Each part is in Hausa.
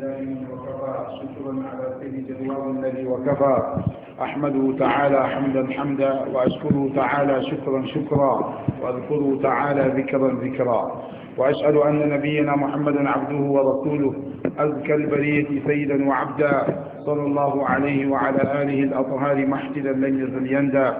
دائما وكفى شكرا على الذي وكفى أحمده تعالى حمدا حمدا وأشكره تعالى شكرا شكرا وأذكره تعالى ذكرا ذكرا وأشهد أن نبينا محمدا عبده ورسوله أزكى البرية سيدا وعبدا صلى الله عليه وعلى آله الأطهار محتدا لن يزل يندى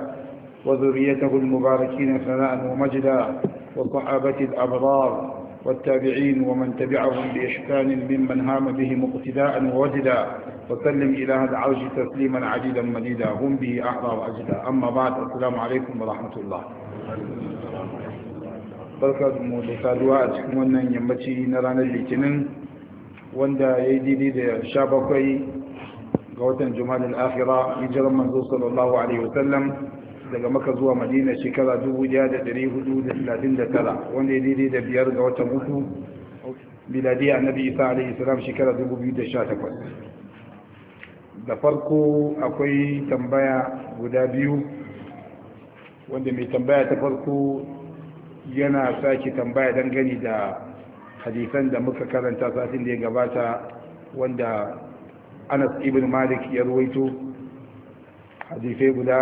وذريته المباركين ثناء ومجدا وصحابة الأبرار والتابعين ومن تبعهم بإحسان ممن هام به مقتداء ووجدا وسلم إلى هذا العرش تسليما عديدا مديدا هم به أحرى وأجدا أما بعد السلام عليكم ورحمة الله بركة مدفادوات من أن يمتي نران الليتنين واندا يدي دي دي شابكي قوة جمال الآخرة يجرم منذ صلى الله عليه وسلم daga maka zuwa madina shekara 1439 wanda ya daidai da biyar ga watan hudu biladiya annabi isa alaihi salam shekara 2018 da farko akwai tambaya guda biyu wanda mai tambaya ta farko yana sake tambaya dangane da hadisan da muka karanta satin da ya gabata wanda anas ibn malik ya ruwaito hadisai guda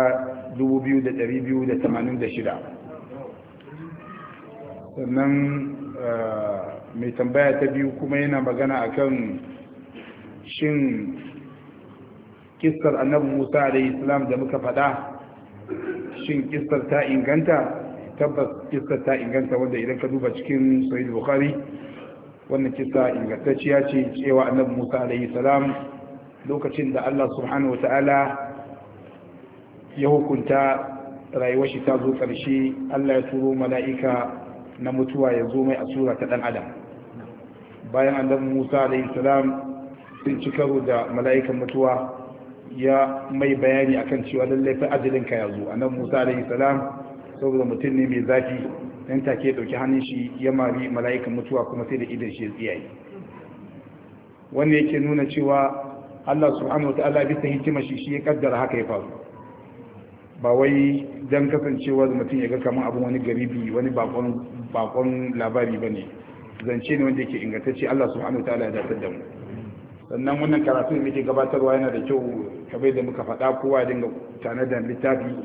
2286 sannan eh, mai tambaya ta biyu kuma yana magana akan shin kistar annabu musa da islam da muka faɗa shin kistar ta inganta tabbas kistar ta inganta wanda idan ka duba cikin sahih bukari wannan kista ingantacciya ce cewa annabu musa alaihi salam lokacin da allah subhanahu wa ta'ala ya hukunta rayuwar shi ta zo ƙarshe Allah ya turo mala'ika na mutuwa ya zo mai asura ta ɗan adam bayan annabi Musa alaihi salam sun ci karo da mala'ikan mutuwa ya mai bayani akan cewa lallai fa ajalin ka ya zo nan Musa alaihi salam saboda mutum ne mai zafi nan take ɗauki hannun shi ya mari mala'ikan mutuwa kuma sai da idan shi ya tsiyaye wannan yake nuna cewa Allah subhanahu wa ta'ala bisa hikima shi shi ya kaddara haka ya faru ba wai don kasancewa mutum ya ga kamar abin wani garibi wani bakon labari ba ne zance ne wanda yake ingantacce Allah subhanahu wa ta'ala ya da mu sannan wannan karatu da muke gabatarwa yana da kyau kamar da muka faɗa kowa ya dinga da littafi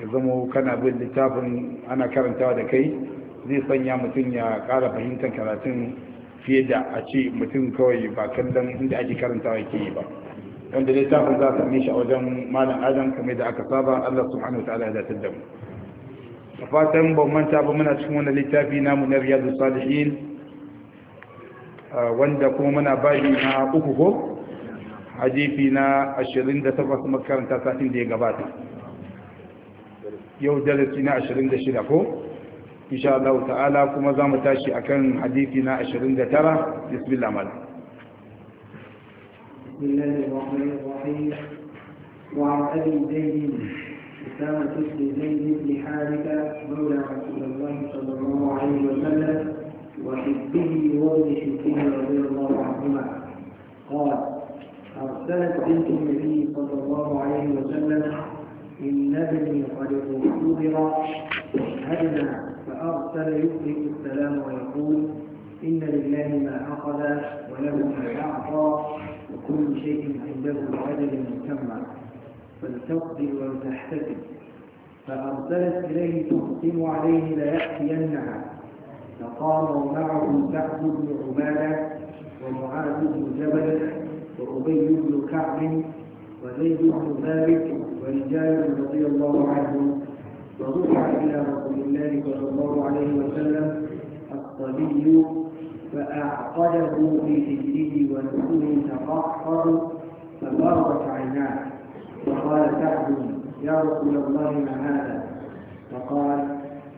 ya zama kana bin littafin ana karantawa da kai zai sanya mutum ya kara fahimtar karatun fiye da a ce mutum kawai ba kallon inda ake karantawa ke yi ba wanda littafin za a same shi a wajen malam adam kame da aka saba Allah subhanahu wa ta'ala ya datar da mu a fatan ban manta ba muna cikin wani littafi namu na riyadu salihin wanda kuma muna bayi na uku ko hadifi na takwas makaranta satin da ya gabata yau darasi na shida ko insha Allah ta'ala kuma za mu tashi akan hadifi na 29 bismillah malam بسم الله الرحمن الرحيم وعن ابي زيد اسامه بن زيد بن حارثه مولى رسول الله صلى الله عليه وسلم وحبه وابن حبه رضي الله عنهما قال ارسلت بنت النبي صلى الله عليه وسلم ان ابني قد اختبر هدنا فارسل يخرج السلام ويقول ان لله ما اخذ وله ما اعطى وكل شيء عنده عدد مسمى فلتقضي ولتحتسب فأرسلت إليه تقسم عليه ليأتينها فقام معه سعد بن عبادة ومعاذ بن جبل وأبي بن كعب وزيد بن ثابت ورجال رضي الله عنهم ورفع إلى رسول الله صلى الله عليه وسلم الصبي فأعقده في سجده ونفسه تقهقر ففرت عيناه فقال سعد يا رسول الله ما هذا فقال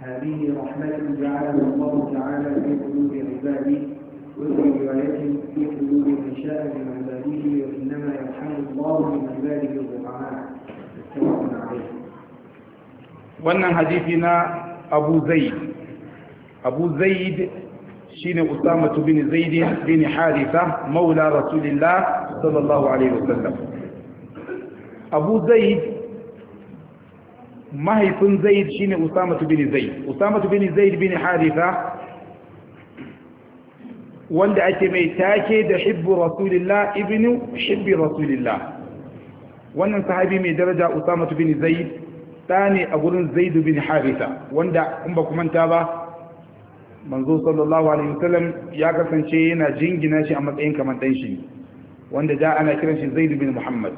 هذه رحمة جعلها الله تعالى في قلوب عباده وفي روايته في قلوب من شاء من عباده وإنما يرحم الله من عباده الرحمن وأن حديثنا أبو زيد أبو زيد shine Usama bin Zaid bin Haritha maula Rasulillah sallallahu alaihi wasallam Abu Zaid mahaifin Zaid shine Usama bin Zaid Usama bin Zaid bin Haritha wanda ake mai take da hibbu Rasulillah ibnu hibbi Rasulillah wannan sahabi mai daraja Usama bin Zaid ɗa ne a gurin Zaid bin Haritha wanda in ba kuma ta ba manzo sallallahu alaihi wasallam ya kasance yana jingina shi a matsayin kamar dan shi wanda da ana kiran shi zaid bin muhammad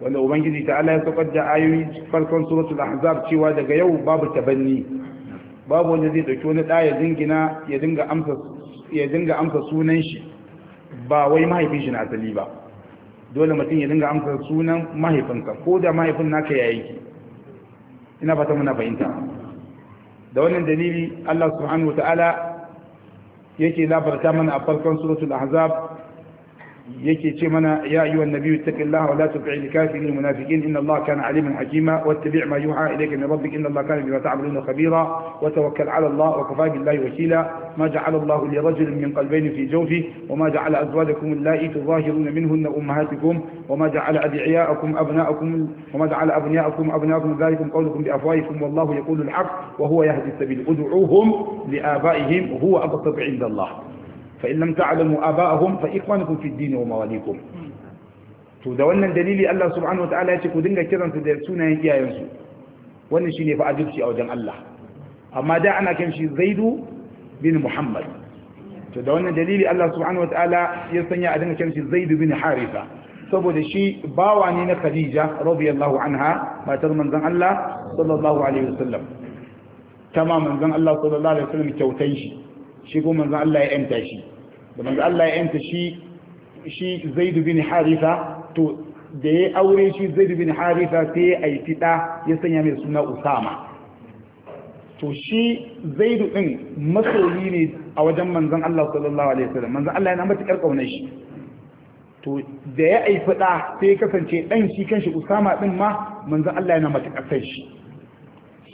wanda ubangiji ta Allah ya saukar da ayoyi farkon suratul ahzab cewa daga yau babu tabanni babu wanda zai dauki wani da ya jingina ya dinga amsa ya dinga amsa sunan shi ba wai mahaifin shi na asali ba dole mutum ya dinga amsa sunan mahaifinka ko da mahaifin naka yayi ina fata muna fahimta da wannan dalili Allah subhanahu wa ta'ala yake labarta mana a farkon suratul ahzab يكي تمنى يا أيها النبي اتق الله ولا تبع الكافرين المنافقين إن الله كان عليما حكيما واتبع ما يوحى إليك من ربك إن الله كان بما تعملون خبيرا وتوكل على الله وكفى بالله وكيلا ما جعل الله لرجل من قلبين في جوفه وما جعل أزواجكم اللائي تظاهرون منهن أمهاتكم وما جعل أدعياءكم أبناءكم وما جعل أبناءكم أبناءكم ذلكم قولكم بأفوائكم والله يقول الحق وهو يهدي السبيل ادعوهم لآبائهم وهو أبطب عند الله fa in lam ta'lamu aba'ahum fa ikhwanukum fi ad wa mawalikum to da wannan dalili Allah subhanahu wataala ya ce ku dinga kiransu da sunayen iyayensu wannan shine fa adubci a wajen Allah amma da ana kan shi Zaidu bin Muhammad to da wannan dalili Allah subhanahu wataala ya sanya a dinga kan shi Zaidu bin Haritha saboda shi bawa ne na Khadija radiyallahu anha matar manzon Allah sallallahu alaihi wasallam kama manzon Allah sallallahu alaihi wasallam kyautai shi shi ko manzo Allah ya yanta shi da manzo Allah ya yanta shi shi Zaid bin Haritha to da ya aure shi Zaid bin Haritha sai ya yi da ya sanya mai suna Usama to shi Zaid din masoyi ne a wajen manzon Allah sallallahu alaihi wasallam manzon Allah yana matukar kaunar shi to da ya yi da sai kasance dan shi kanshi Usama din ma manzon Allah yana matukar sai shi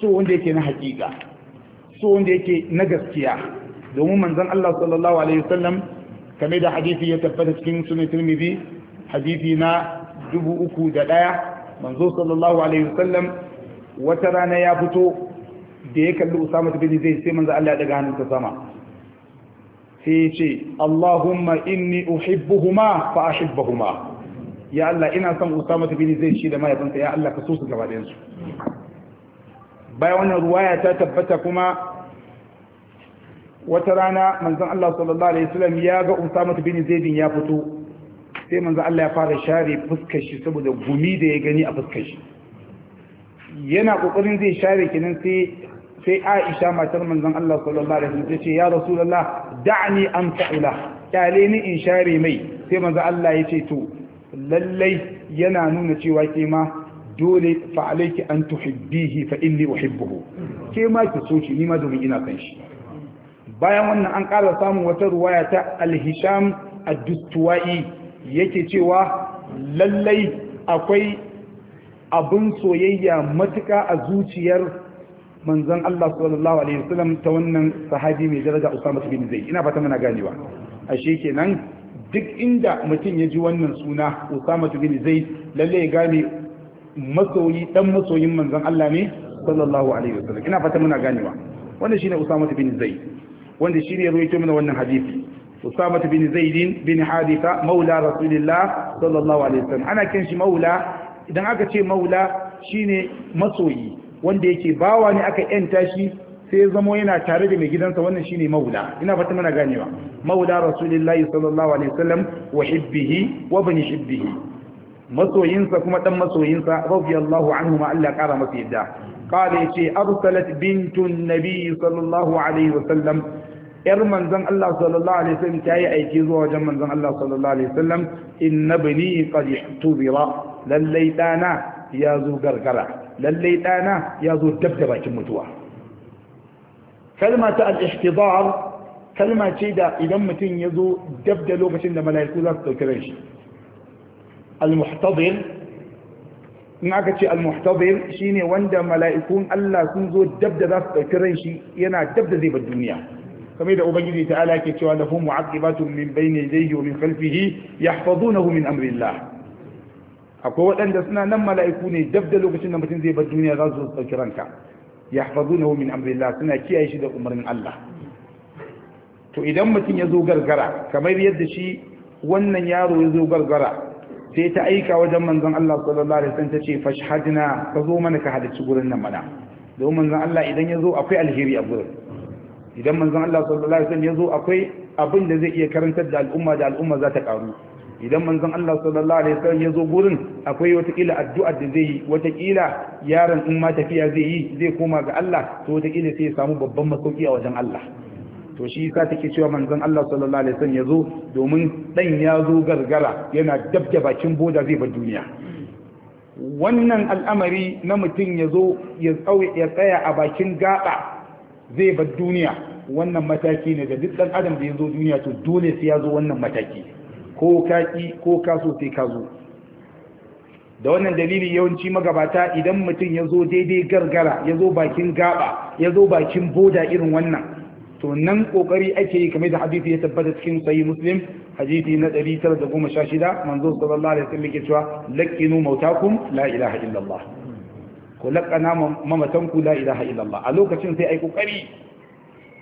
so wanda yake na hakika so wanda yake na gaskiya domin manzon Allah sallallahu alaihi wasallam kame da hadisi ya tabbata cikin sunan Tirmidhi hadisi na dubu ɗaya manzo sallallahu alaihi wasallam wata rana ya fito da ya kalli Usama bin Zaid sai manzo Allah ya daga hannunsa sama sai ya ce Allahumma inni uhibbuhuma fa ahibbahuma ya Allah ina son Usama bin Zaid shi da mahaifinsa ya Allah ka so su gaba ɗayan su bayan wannan ruwaya ta tabbata kuma wata rana manzon Allah sallallahu alaihi wasallam ya ga Usama bin Zaid ya fito sai manzon Allah ya fara share fuskar shi saboda gumi da ya gani a fuskar shi yana kokarin zai share kinan sai sai Aisha matar manzon Allah sallallahu alaihi wasallam ce ya Rasulullah da'ni an fa'ila kyale ni in share mai sai manzon Allah ya ce to lallai yana nuna cewa ke ma dole fa alayki an tuhibbihi fa inni uhibbuhu ke ma ki so shi ni ma domin ina kan shi bayan wannan an ƙara samun wata ruwaya ta alhisham addustuwa'i yake cewa lallai akwai abin soyayya matuka a zuciyar manzan Allah sallallahu alaihi wasallam ta wannan sahabi mai daraja Usama bin Zaid ina fata muna ganewa ashe nan duk inda mutum ya ji wannan suna Usama bin Zaid lalle ya gane masoyi dan masoyin manzan Allah ne sallallahu alaihi wasallam ina fata muna ganewa wannan shine Usama bin Zaid wanda shi ne ruwaito mana wannan hadisi usama bin zaid bin haditha maula rasulillah sallallahu alaihi wasallam ana kin shi maula idan aka ce maula shine masoyi wanda yake bawa ne aka yanta shi sai zamo yana tare da mai gidansa wannan shine maula ina fata mana ganewa maula rasulullah sallallahu alaihi wasallam wa hibbihi wa bani hibbihi masoyinsa kuma dan masoyinsa radiyallahu anhu ma Allah kara masa yadda قال شيء أرسلت بنت النبي صلى الله عليه وسلم ‘yar manzan Allah sallallahu Alaihi wasallam ta yi aiki zuwa wajen manzan Allah sallallahu Alaihi wasallam inna bini qad tubira lallai ɗana ya zo gargara lallai ɗana ya zo dab bakin mutuwa kalma ta al-ihtidar kalma ce da idan mutum ya zo dab da lokacin da mala'iku za su ɗauki ran shi al-muhtadir in aka ce al-muhtabir shine wanda mala'ikun Allah sun zo dab da za su dauki ran shi yana dab da zai bar duniya kamar da ubangiji ta'ala ke cewa lahum mu'aqibatun min bayni yadayhi wa min khalfihi yahfazunahu min amrillah akwai waɗanda suna nan mala'iku ne dab da lokacin da mutum zai bar duniya za su zo su ɗauki ranka yahfazunahu min amrillah suna kiyaye shi da umarnin Allah to idan mutum ya zo gargara kamar yadda shi wannan yaro ya zo gargara sai ta aika wajen manzon Allah sallallahu alaihi wasallam tace fashhadna ka zo mana ka halarci gurin nan mana domin manzon Allah idan ya zo akwai alheri a gurin idan manzon Allah sallallahu alaihi wasallam ya zo akwai abin da zai iya karantar da al'umma da al'umma za ta karu idan manzon Allah sallallahu alaihi wasallam ya zo gurin akwai watakila addu'a da zai yi watakila yaron in ma tafiya zai yi zai koma ga Allah to watakila sai ya samu babban masauki a wajen Allah to shi yasa take cewa manzon Allah sallallahu alaihi wasallam yazo domin dan ya zo gargara yana dabda bakin boda zai bar duniya wannan al'amari na mutum ya zo ya tsaya a bakin gaba zai bar duniya wannan mataki ne ga duk ɗan adam da ya zo duniya to dole sai ya wannan mataki ko kaki ko kaso sai ka zo da wannan dalili yawanci magabata idan mutum ya zo daidai gargara ya zo bakin gaba ya zo bakin boda irin wannan to nan kokari ake yi kamar da hadisi ya tabbata cikin sahih muslim hadisi na 916 manzo sallallahu alaihi wasallam ke cewa laqinu mautakum la ilaha illallah ko laqana mamatanku la ilaha illallah a lokacin sai ai kokari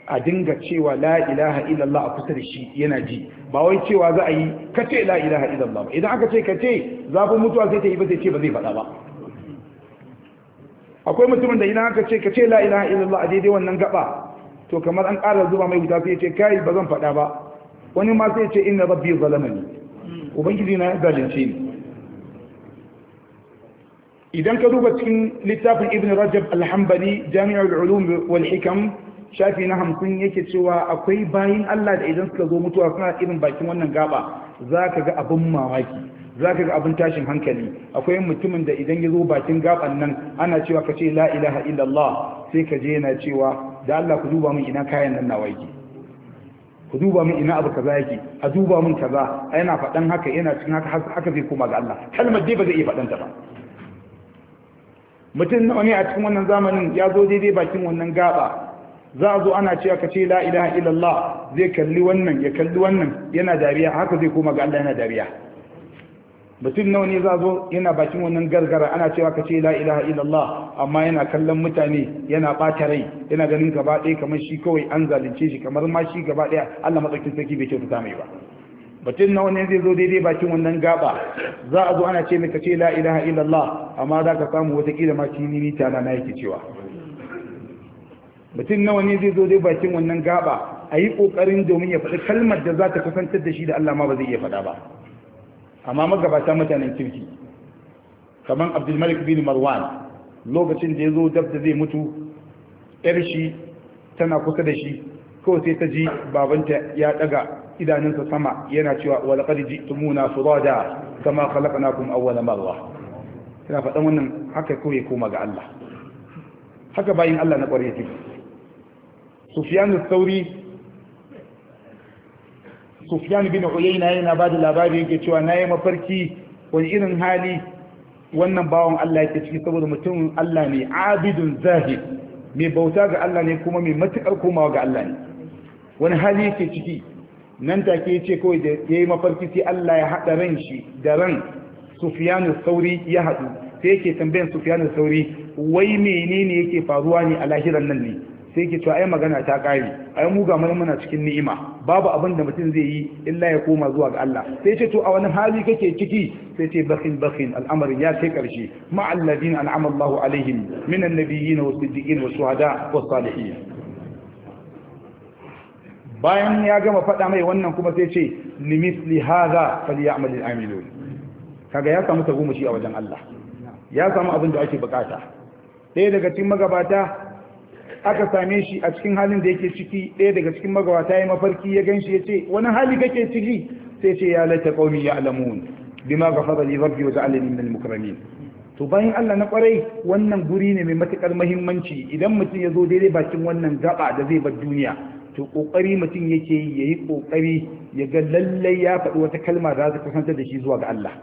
a dinga cewa la ilaha illallah a kusa da shi yana ji ba wai cewa za a yi kace la ilaha illallah idan aka ce kace zafin mutuwa sai ta yi ba sai ce ba zai faɗa ba akwai mutumin da idan aka ce kace la ilaha illallah a daidai wannan gaba to kamar an ƙara zuba mai wuta sai ya ce kai ba zan faɗa ba wani ma sai ya ce inna rabbi zalamani ubangiji na zalunce ni idan ka duba cikin littafin ibn rajab alhambali jami'ar jami'ul ulum wal hikam shafi na hamsin yake cewa akwai bayin Allah da idan suka zo mutuwa suna irin bakin wannan gaba za ka ga abin mamaki za ka ga abin tashin hankali akwai mutumin da idan ya zo bakin gaban nan ana cewa ka ce la ilaha illallah sai ka je yana cewa da Allah ku duba min ina kayan nan nawa yake ku duba min ina abu kaza yake a duba min kaza a yana faɗan haka yana cikin haka haka zai koma ga Allah kalmar dai ba zai iya faɗan ta ba mutum nawa ne a cikin wannan zamanin ya zo daidai bakin wannan gaba za a zo ana ce aka ce la ilaha illallah zai kalli wannan ya kalli wannan yana dariya haka zai koma ga Allah yana dariya mutum nawa ne za zo yana bakin wannan gargara ana cewa ka ce la ilaha illallah amma yana kallon mutane yana ɓata rai yana ganin gaba ɗaya kamar shi kawai an zalunce shi kamar ma shi gaba ɗaya Allah matsakin sarki bai kyautata mai ba mutum nawa ne zai zo daidai bakin wannan gaba za a zo ana ce mai ka ce la ilaha illallah amma za ka samu watakila ma kini ni tana na yake cewa mutum nawa ne zai zo dai bakin wannan gaba a yi ƙoƙarin domin ya faɗi kalmar da za ta kasantar da shi da Allah ma ba zai iya faɗa ba amma magabata mutanen kirki kamar abdulmalik bin marwan lokacin da ya zo dab da zai mutu yar shi tana kusa da shi kawai sai ta ji babanta ya daga idanunsa sama yana cewa wa laqad ji'tumuna furada kama khalaqnakum awwala marra ina faɗan wannan haka kawai koma ga Allah haka bayin Allah na ƙwarya take Sufyan al-Thawri sufyan bin uyayna yana ba da labari yake cewa na yi mafarki wani irin hali wannan bawan Allah yake ciki saboda mutum Allah ne abidun zahid mai bauta ga Allah ne kuma mai matukar komawa ga Allah ne wani hali yake ciki nan take yace kawai da yayi mafarki sai Allah ya hada ran shi da ran Sufyan sauri ya hadu sai yake tambayan Sufyan sauri wai menene yake faruwa ne a lahiran nan ne sai ke cewa ai magana ta kare ai mu ga muna cikin ni'ima babu abin da mutum zai yi illa ya koma zuwa ga Allah sai ce to a wani hali kake ciki sai ce bakhin bakhin al'amarin ya kai karshe ma alladin an'ama Allahu alaihim min annabiyyin was siddiqin was shuhada was salihin bayan ya gama faɗa mai wannan kuma sai ce limisli hadha falyamal al'amilun kaga ya samu tagomashi a wajen Allah ya samu abin da ake bukata ɗaya daga cikin magabata aka same shi a cikin halin da yake ciki ɗaya daga cikin magawata ya mafarki ya shi ya ce wani hali kake ciki sai ce ya laita qaumi ya alamun bima ga li rabbi wa ja'alani min al-mukramin to bayan Allah na kwarai wannan guri ne mai matukar muhimmanci idan mutum ya zo daidai bakin wannan gaba da zai bar duniya to kokari mutum yake yi yayi kokari ya ga lallai ya faɗi wata kalma za ta kasance da shi zuwa ga Allah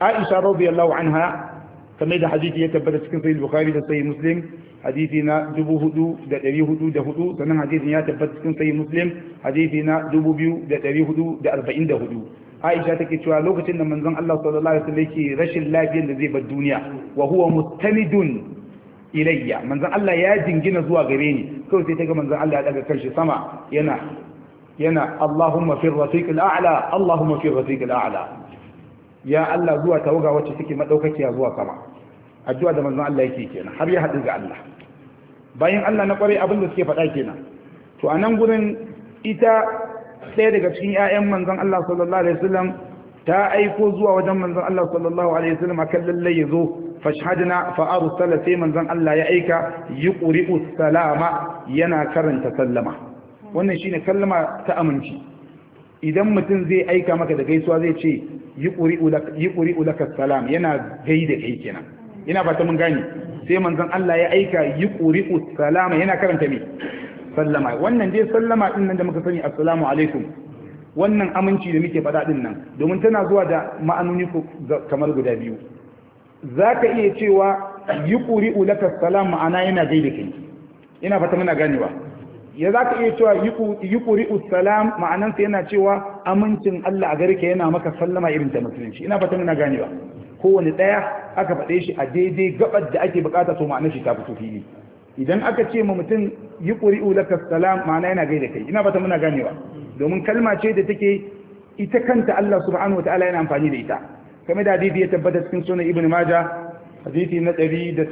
Aisha radiyallahu anha kamar da hadisi ya tabbata cikin sahih bukhari da sahih muslim hadisi na 4404 sannan hadisin ya tabbata cikin sahih muslim hadisi na 2444 Aisha take cewa lokacin da manzon Allah sallallahu alaihi wasallam yake rashin lafiyar da zai bar duniya wa huwa mustamidun ilayya manzon Allah ya jingina zuwa gare ni kawai sai ta ga manzon Allah ya daga kanshi sama yana yana Allahumma fi rafiq al-a'la Allahumma fi rafiq ala ya Allah zuwa tawaga wacce take madaukakiya zuwa sama addu'a da manzon Allah yake kenan har ya haɗu ga Allah bayan Allah na kwarai abin da suke faɗa kenan to a nan gurin ita ɗaya daga cikin 'ya'yan manzon Allah sallallahu alaihi wasallam ta aiko zuwa wajen manzon Allah sallallahu alaihi wasallam akan lalle yazo fashhadna fa arsala sai manzon Allah ya aika yuqri'u salama yana karanta sallama wannan shine kallama ta aminci idan mutum zai aika maka da gaisuwa zai ce yi ƙuri'u laka salam yana gai da kai kenan ina fata mun gani sai manzon Allah ya aika yi ƙuri'u salama yana karanta me sallama wannan dai sallama din nan da muka sani assalamu alaikum wannan aminci da muke faɗa din nan domin tana zuwa da ma'anoni kamar guda biyu zaka iya cewa yi ƙuri'u laka salam ma'ana yana gai da kai ina fata muna ganewa ya za ka iya cewa yi ƙuri usalam ma'anansa yana cewa amincin Allah a gare ka yana maka sallama irin ta musulunci ina fata muna ganewa kowane ɗaya aka faɗe shi a daidai gabar da ake bukata to ma'anar shi ta fito fili idan aka ce ma mutum yi ƙuri ulaka salam ma'ana yana gaida kai ina fata muna ganewa domin kalma ce da take ita kanta Allah subhanahu wa ta'ala yana amfani da ita kamar da hadisi ya tabbata cikin sunan ibnu maja hadisi na 184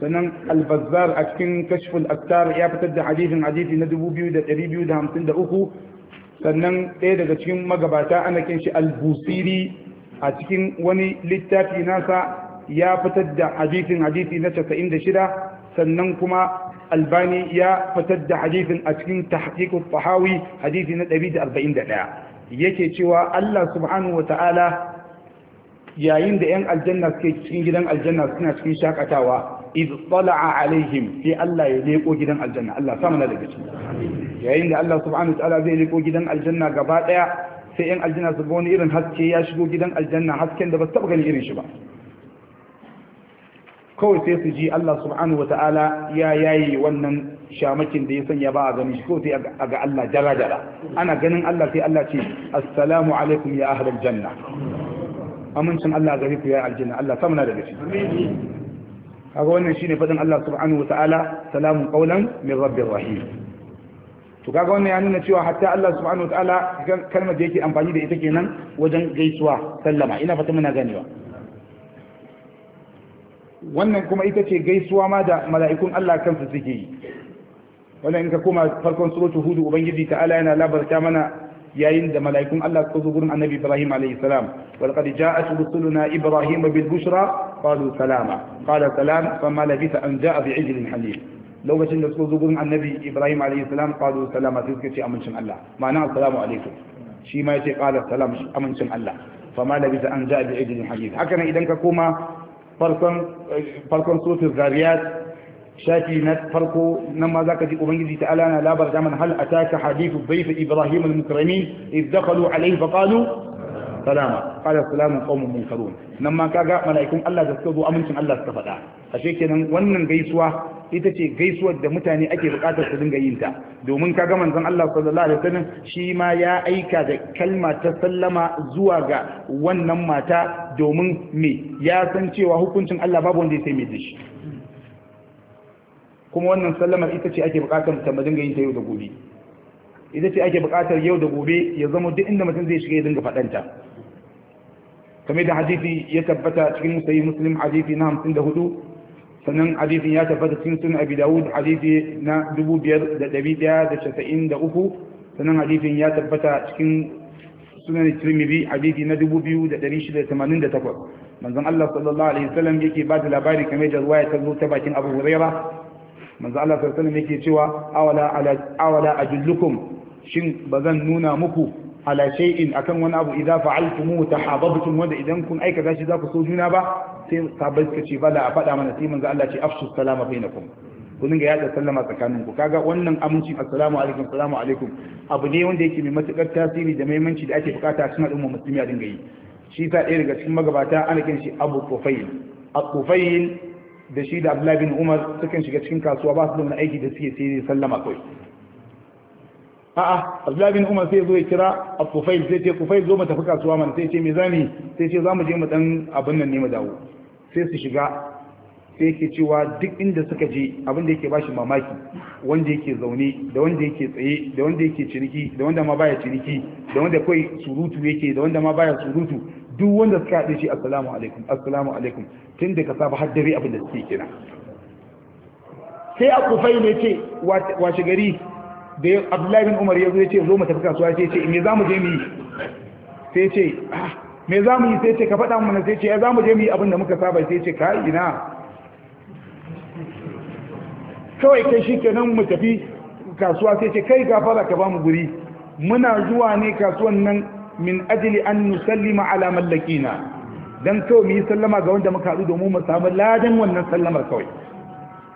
sannan albazar a cikin kashful aktar ya fitar da hadisin hadisi na 2253 sannan ɗaya daga cikin magabata ana kin shi albusiri a cikin wani littafi nasa ya fitar da hadisin hadisi na 96 sannan kuma albani ya fitar da hadisin a cikin tahqiqut fahawi hadisi na 141 yake cewa Allah subhanahu wataala yayin da 'yan aljanna suke cikin gidan aljanna suna cikin shakatawa iz tala'a alaihim sai Allah ya leko gidan aljanna Allah sa mana daga ciki yayin da Allah subhanahu wa ta'ala zai leko gidan aljanna gaba daya sai yan aljanna su ga irin haske ya shigo gidan aljanna hasken da ba taba gani irin shi ba kawai sai su ji Allah subhanahu wa ta'ala ya yayi wannan shamakin da ya sanya ba a gani shi kawai sai a ga Allah jara jara ana ganin Allah sai Allah ce assalamu alaikum ya ahlal janna amincin Allah gari ku ya aljanna Allah sa mana daga ciki kaga wannan shine fadin Allah subhanahu wataala salamun qawlan min rabbir rahim to kaga wannan ya nuna cewa hatta Allah subhanahu wataala kalmar da yake amfani da ita kenan wajen gaisuwa sallama ina fata muna ganewa wannan kuma ita ce gaisuwa ma da mala'ikun Allah kansu suke yi wannan in ka koma farkon suratul hud ubangiji ta'ala yana labarta mana yayin da mala'ikun Allah suka zo gurin annabi Ibrahim alayhi salam wal qad ja'at rusuluna Ibrahim bil bushra qalu salama qala salam fama labitha an ja'a bi ijlin halim lokacin da suka zo gurin annabi Ibrahim alayhi salam qalu salama sai suka ce amincin Allah ma'ana assalamu alaikum shi ma yace qala salam amincin Allah fama labitha an ja'a bi ijlin halim haka nan idan ka koma farkon eh, farkon suratul zariyat shafi na farko nan ma zaka ji ubangiji ta ala na labar zaman hal ataka hadithu bayf ibrahim al-mukramin id dakhalu alayhi fa qalu salama qala salamun qaumun munkarun nan ma kaga malaikun Allah da suka zo amincin Allah suka faɗa ashe kenan wannan gaisuwa ita ce gaisuwar da mutane ake bukatar su dinga yin ta domin kaga manzon Allah sallallahu alaihi wasallam shi ma ya aika da kalma ta sallama zuwa ga wannan mata domin me ya san cewa hukuncin Allah babu wanda ya sai mai dashi kuma wannan sallamar ita ce ake bukatar mutum ba dinga yin ta yau da gobe ita ce ake bukatar yau da gobe ya zama duk inda mutum zai shiga ya dinga faɗanta kamar da hadisi ya tabbata cikin sayi muslim hadisi na hamsin da hudu sannan hadisin ya tabbata cikin sun abi dawud hadisi na dubu biyar da ɗari ɗaya da casa'in da uku sannan hadisin ya tabbata cikin sunan tirmidhi hadisi na dubu biyu da ɗari shida da tamanin da takwas manzon allah sallallahu alaihi wasallam yake ba da labari kamar da ruwa ya ta zo ta bakin abu huraira manzo Allah sallallahu alaihi wasallam yake cewa awala ala awala ajullukum shin bazan nuna muku ala shay'in akan wani abu idza fa'altum tahabbtum wanda idan kun aika gashi za ku so juna ba sai sabai suka ce bala a fada mana sai manzo Allah ce afshu salama bainakum ku dinga yadda sallama tsakanin ku kaga wannan amincin assalamu alaikum assalamu alaikum abu ne wanda yake mai matukar tasiri da muhimmanci da ake bukata a cikin al'umma musulmi a dinga yi shi sa ɗaya daga cikin magabata ana kiran shi abu kufayl a da shi da abdullahi bin umar sukan shiga cikin kasuwa ba su da aiki da suke sai sallama kawai a'a abdullahi bin umar sai zo ya kira Abufail sai ce kufail zo mu tafi kasuwa mana sai ce me zani sai ce zamu je mu dan abin nan ne mu dawo sai su shiga sai yake cewa duk inda suka je abin da yake bashi mamaki wanda yake zaune da wanda yake tsaye da wanda yake ciniki da wanda ma baya ciniki da wanda kai surutu yake da wanda ma baya surutu duk wanda suka haɗe shi assalamu alaikum assalamu alaikum tun da ka saba har dare abin da suke kina sai a kufai ne ce washe gari da abdullahi bin umar ya zo ya ce zo mu tafi kasuwa sai ce me za mu je mu yi sai ce ah, me za mu yi sai ce ka faɗa mana sai ce ya za mu je mu yi abin da muka saba sai ce ka ina kawai kai shi kenan mu tafi kasuwa sai ce kai gafara ka ba mu guri muna zuwa ne kasuwan nan min ajli an nusallima ala mallakina dan kawai mu sallama ga wanda muka haɗu domin mu samu ladan wannan sallamar kawai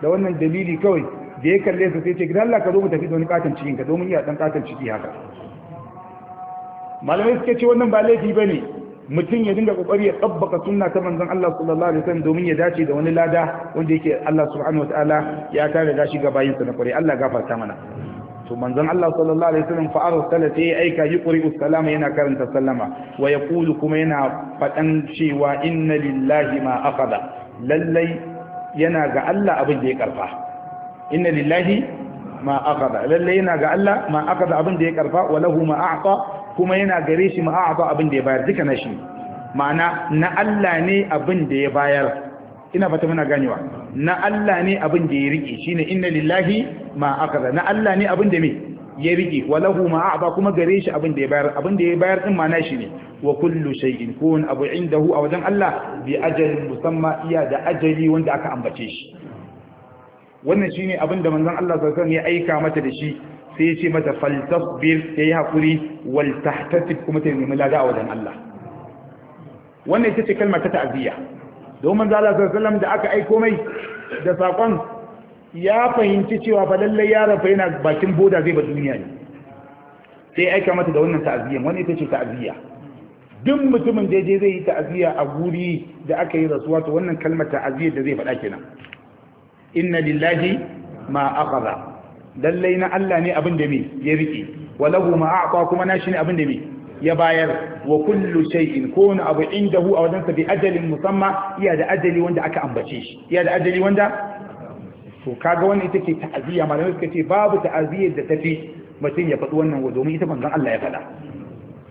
da wannan dalili kawai da ya kalle su sai ce gidan Allah ka zo mu tafi da wani katon cikin ka domin ya dan katon ciki haka malamai suke ce wannan ba laifi bane mutum ya dinga kokari ya tsabbaka sunna ta manzon Allah sallallahu alaihi wasallam domin ya dace da wani lada wanda yake Allah subhanahu wataala ya tare da shi ga bayinsa na kware Allah gafarta mana to manzon Allah sallallahu alaihi wasallam fa arsala sai aika yuqri salama yana karanta sallama wa yaqulu kuma yana fadan cewa inna lillahi ma akhadha lallai yana ga Allah abin da ya karfa inna lillahi ma aqada lallai yana ga Allah ma aqada abin da ya karfa wa lahu ma a'ta kuma yana gare shi ma a'ta abin da ya bayar duka na shi ma'ana na Allah ne abin da ya bayar ina fata muna ganewa na Allah ne abin da ya rike shine inna lillahi ma akaza na Allah ne abin da me ya riƙe walahu ma a'ba kuma gare shi abin da ya bayar abin da ya bayar din ma nashi ne wa kullu shay'in kun abu indahu a wajen Allah bi ajalin musamma iya da ajali wanda aka ambace shi wannan shine abin da manzon Allah sallallahu alaihi wasallam ya aika mata da shi sai ya ce mata faltasbir ya yi haƙuri wal tahtasib kuma ta nemi lada a wajen Allah wannan ita ce kalmar ta ta'aziyya domin zala sallam da aka aiko mai da sakon ya fahimci cewa fa lallai yaron fa yana bakin boda zai ba duniya ne sai aika mata da wannan ta'aziyya wani ita ce ta'aziyya duk mutumin da je zai yi ta'aziyya a guri da aka yi rasuwa ta wannan kalmar ta'aziyya da zai faɗa kenan inna lillahi ma lallai na Allah ne abin da me ya rike walahu ma a'ta kuma nashi ne abin da me ya bayar wa kullu shay'in ko wani abu indahu a wajensa bi ajalin musamma iya da ajali wanda aka ambace shi iya da ajali wanda to kaga wannan ita ce ta'aziyya malamai suka ce babu ta'aziyyar da tafi mutum ya faɗi wannan wa domin ita manzon Allah ya faɗa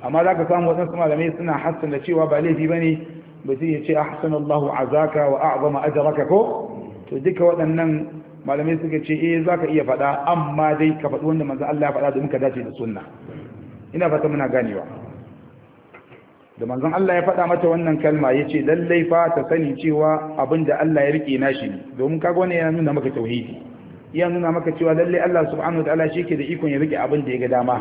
amma za ka samu waɗansu malamai suna hassana cewa ba laifi ba bane mutum ya ce a ahsanallahu azaka wa a'zama ajraka ko to duka waɗannan malamai suka ce eh ka iya faɗa amma dai ka faɗi wanda manzon Allah ya faɗa domin ka dace da sunna ina fata muna ganewa da manzon Allah ya faɗa mata wannan kalma ya ce lallai fa ta sani cewa abinda Allah ya rike nashi ne domin kaga wani yana nuna maka tauhidi ya nuna maka cewa lallai Allah subhanahu wa ta'ala shi da ikon ya rike abin da ya ga dama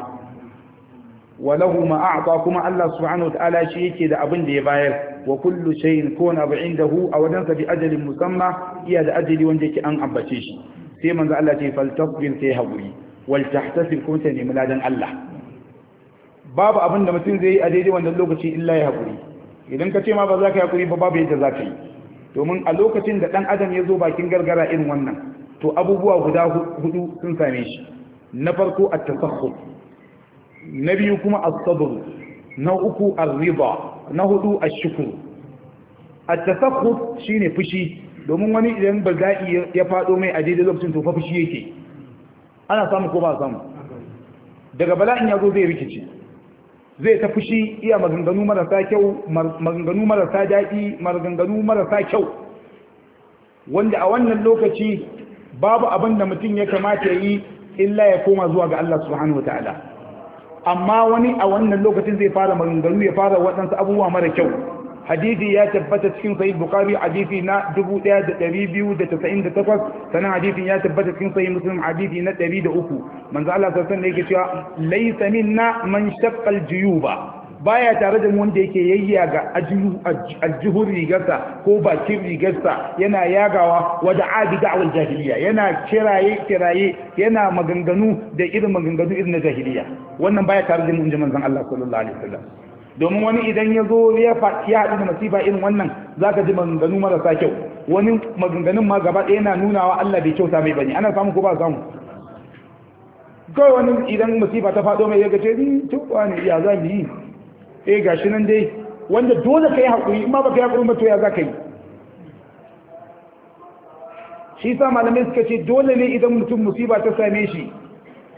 wa lahu ma a'ta kuma Allah subhanahu wa ta'ala shi yake da abin da ya bayar wa kullu shay'in kuna bi indahu aw dansa bi ajalin musamma iya da ajali wanda yake an ambace shi sai manzo Allah ce faltasbir sai haƙuri wal tahtasib kuma ta nemi ladan Allah babu abin da mutum zai yi a daidai wannan lokaci illa ya haƙuri idan ka ce ma ba za ka yi haƙuri ba babu yadda za ka yi domin a lokacin da ɗan adam ya zo bakin gargara irin wannan to abubuwa guda hudu sun same shi na farko a tasahhur na biyu kuma a sabr na uku a riba na hudu a ash-shukr at shi ne fushi domin wani idan bala'i ya faɗo mai a daidai lokacin to fa fushi yake ana samu ko ba samu daga bala'in ya zo zai rikice zai ta fushi iya maganganu marasa kyau maganganu marasa daɗi maganganu marasa kyau wanda a wannan lokaci babu abin da mutum ya kamata ya yi illa ya koma zuwa ga Allah subhanahu wa ta'ala amma wani a wannan lokacin zai fara maganganu ya fara waɗansu abubuwa mara kyau hadisi ya tabbata cikin sahih bukhari hadisi na 1298 sanan hadisin ya tabbata cikin sahih muslim hadisi na 103 manzo Allah sallallahu alaihi yake cewa laysa minna man shaqqa al-juyuba baya tare da mu wanda yake yayyaga aljuhur rigarsa ko bakin rigarsa yana yagawa wada adi da'awar jahiliya yana kiraye kiraye yana maganganu da irin maganganu irin na jahiliya wannan baya tare da mu ji manzon Allah sallallahu alaihi wasallam domin wani idan ya zo ya haɗu da masifa irin wannan za ka ji maganganu marasa kyau wani maganganun ma gaba ɗaya na nuna wa Allah bai kyauta mai bane ana samu ko ba samu kawai wani idan masifa ta faɗo mai yaga ce ni tukwa ne ya za mu yi eh gashi nan dai wanda dole ka yi haƙuri in ma baka yi haƙuri ba to ya za ka yi shi sa malamai suka ce dole ne idan mutum musiba ta same shi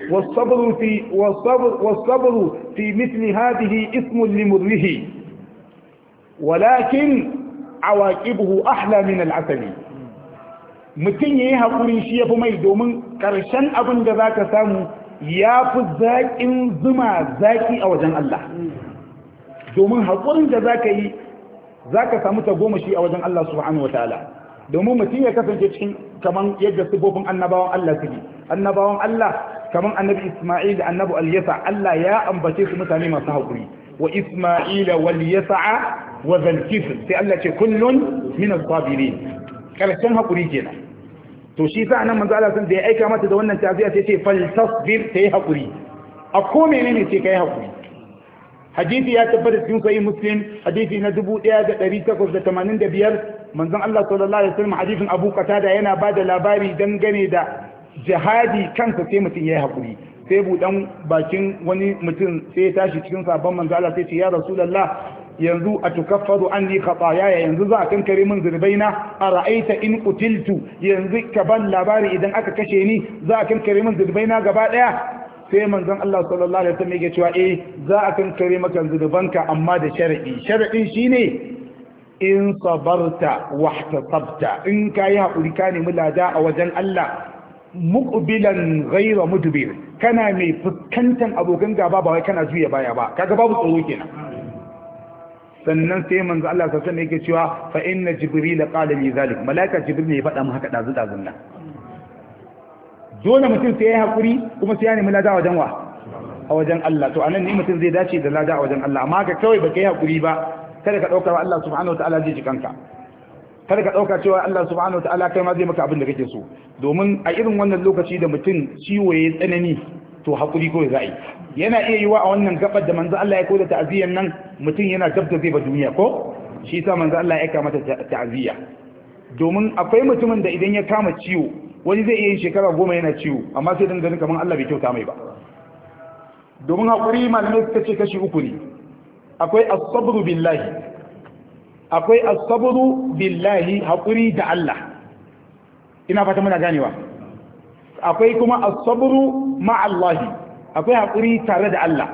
والصبر في والصبر والصبر في مثل هذه اسم لمره ولكن عواقبه أحلى من العسل mutum ya yi haƙuri shi ya fi mai domin ƙarshen abin da za samu ya fi zaƙin zuma zaƙi a wajen Allah domin haƙurin da za ka yi za ka samu tagomashi a wajen Allah subhanahu wa ta'ala domin mutum ya kasance cikin kaman yadda sifofin annabawan Allah suke annabawan Allah kamar annabi Isma'il da annabi Al-Yasa Allah ya ambace su mutane masu haƙuri wa Isma'ila wal Yasa'a wa Zalkifl sai Allah ce kullun min as-sabirin karshen haƙuri kenan to shi sa nan manzo Allah sun da ya aika mata da wannan tafiya sai ce fal tasbir sai haƙuri a ko menene ce kai haƙuri hadisi ya tabbata cikin sahih Muslim hadisi na 1885 manzon Allah sallallahu alaihi wasallam hadisin Abu katada yana ba da labari dangane da jihadi kansa sai mutum ya yi haƙuri sai buɗan bakin wani mutum sai ya tashi cikin sabon manzala Allah sai ce ya rasulullah yanzu a tukaffaru an ni ya yanzu za a kankare min zurbaina a ra'aita in kutiltu yanzu ka ban labari idan aka kashe ni za a kankare min zurbaina gaba ɗaya sai manzon Allah sallallahu alaihi wasallam yake cewa eh za a kankare maka ka amma da sharadi sharadin shine in sabarta wahtasabta in yi hakuri ka nemi lada a wajen Allah Mukubilan ghayra mudbir kana mai fuskantan abokan gaba ba wai kana juya baya ba kaga babu tsoro kenan sannan sai manzo Allah sallallahu alaihi wasallam yake cewa fa inna jibril qala li zalik malaika jibril ne ya faɗa mun haka dazu dazun nan dole mutum sai ya hakuri kuma sai ya nemi lada wajen wa a wajen Allah to anan ne mutum zai dace da lada a wajen Allah amma ka kawai baka yi hakuri ba kada ka dauka wa Allah subhanahu wa ta'ala zai jikanka kada ka ɗauka cewa Allah subhanahu wa ta'ala kai ma zai maka abin da kake so domin a irin wannan lokaci da mutum ciwo ya tsanani to haƙuri kawai za a yi yana iya yiwa a wannan gabar da manzo Allah ya koda ta'aziyyar nan mutum yana gab da zai ba duniya ko shi sa manzo Allah ya kama ta ta'aziyya domin akwai mutumin da idan ya kama ciwo wani zai iya yin shekara goma yana ciwo amma sai dan ganin kamar Allah bai kyauta mai ba domin haƙuri malamai suka ce kashi uku ne akwai as-sabru billahi akwai asabru billahi haƙuri da Allah ina fata muna ganewa akwai kuma asabru ma'allahi akwai haƙuri tare da Allah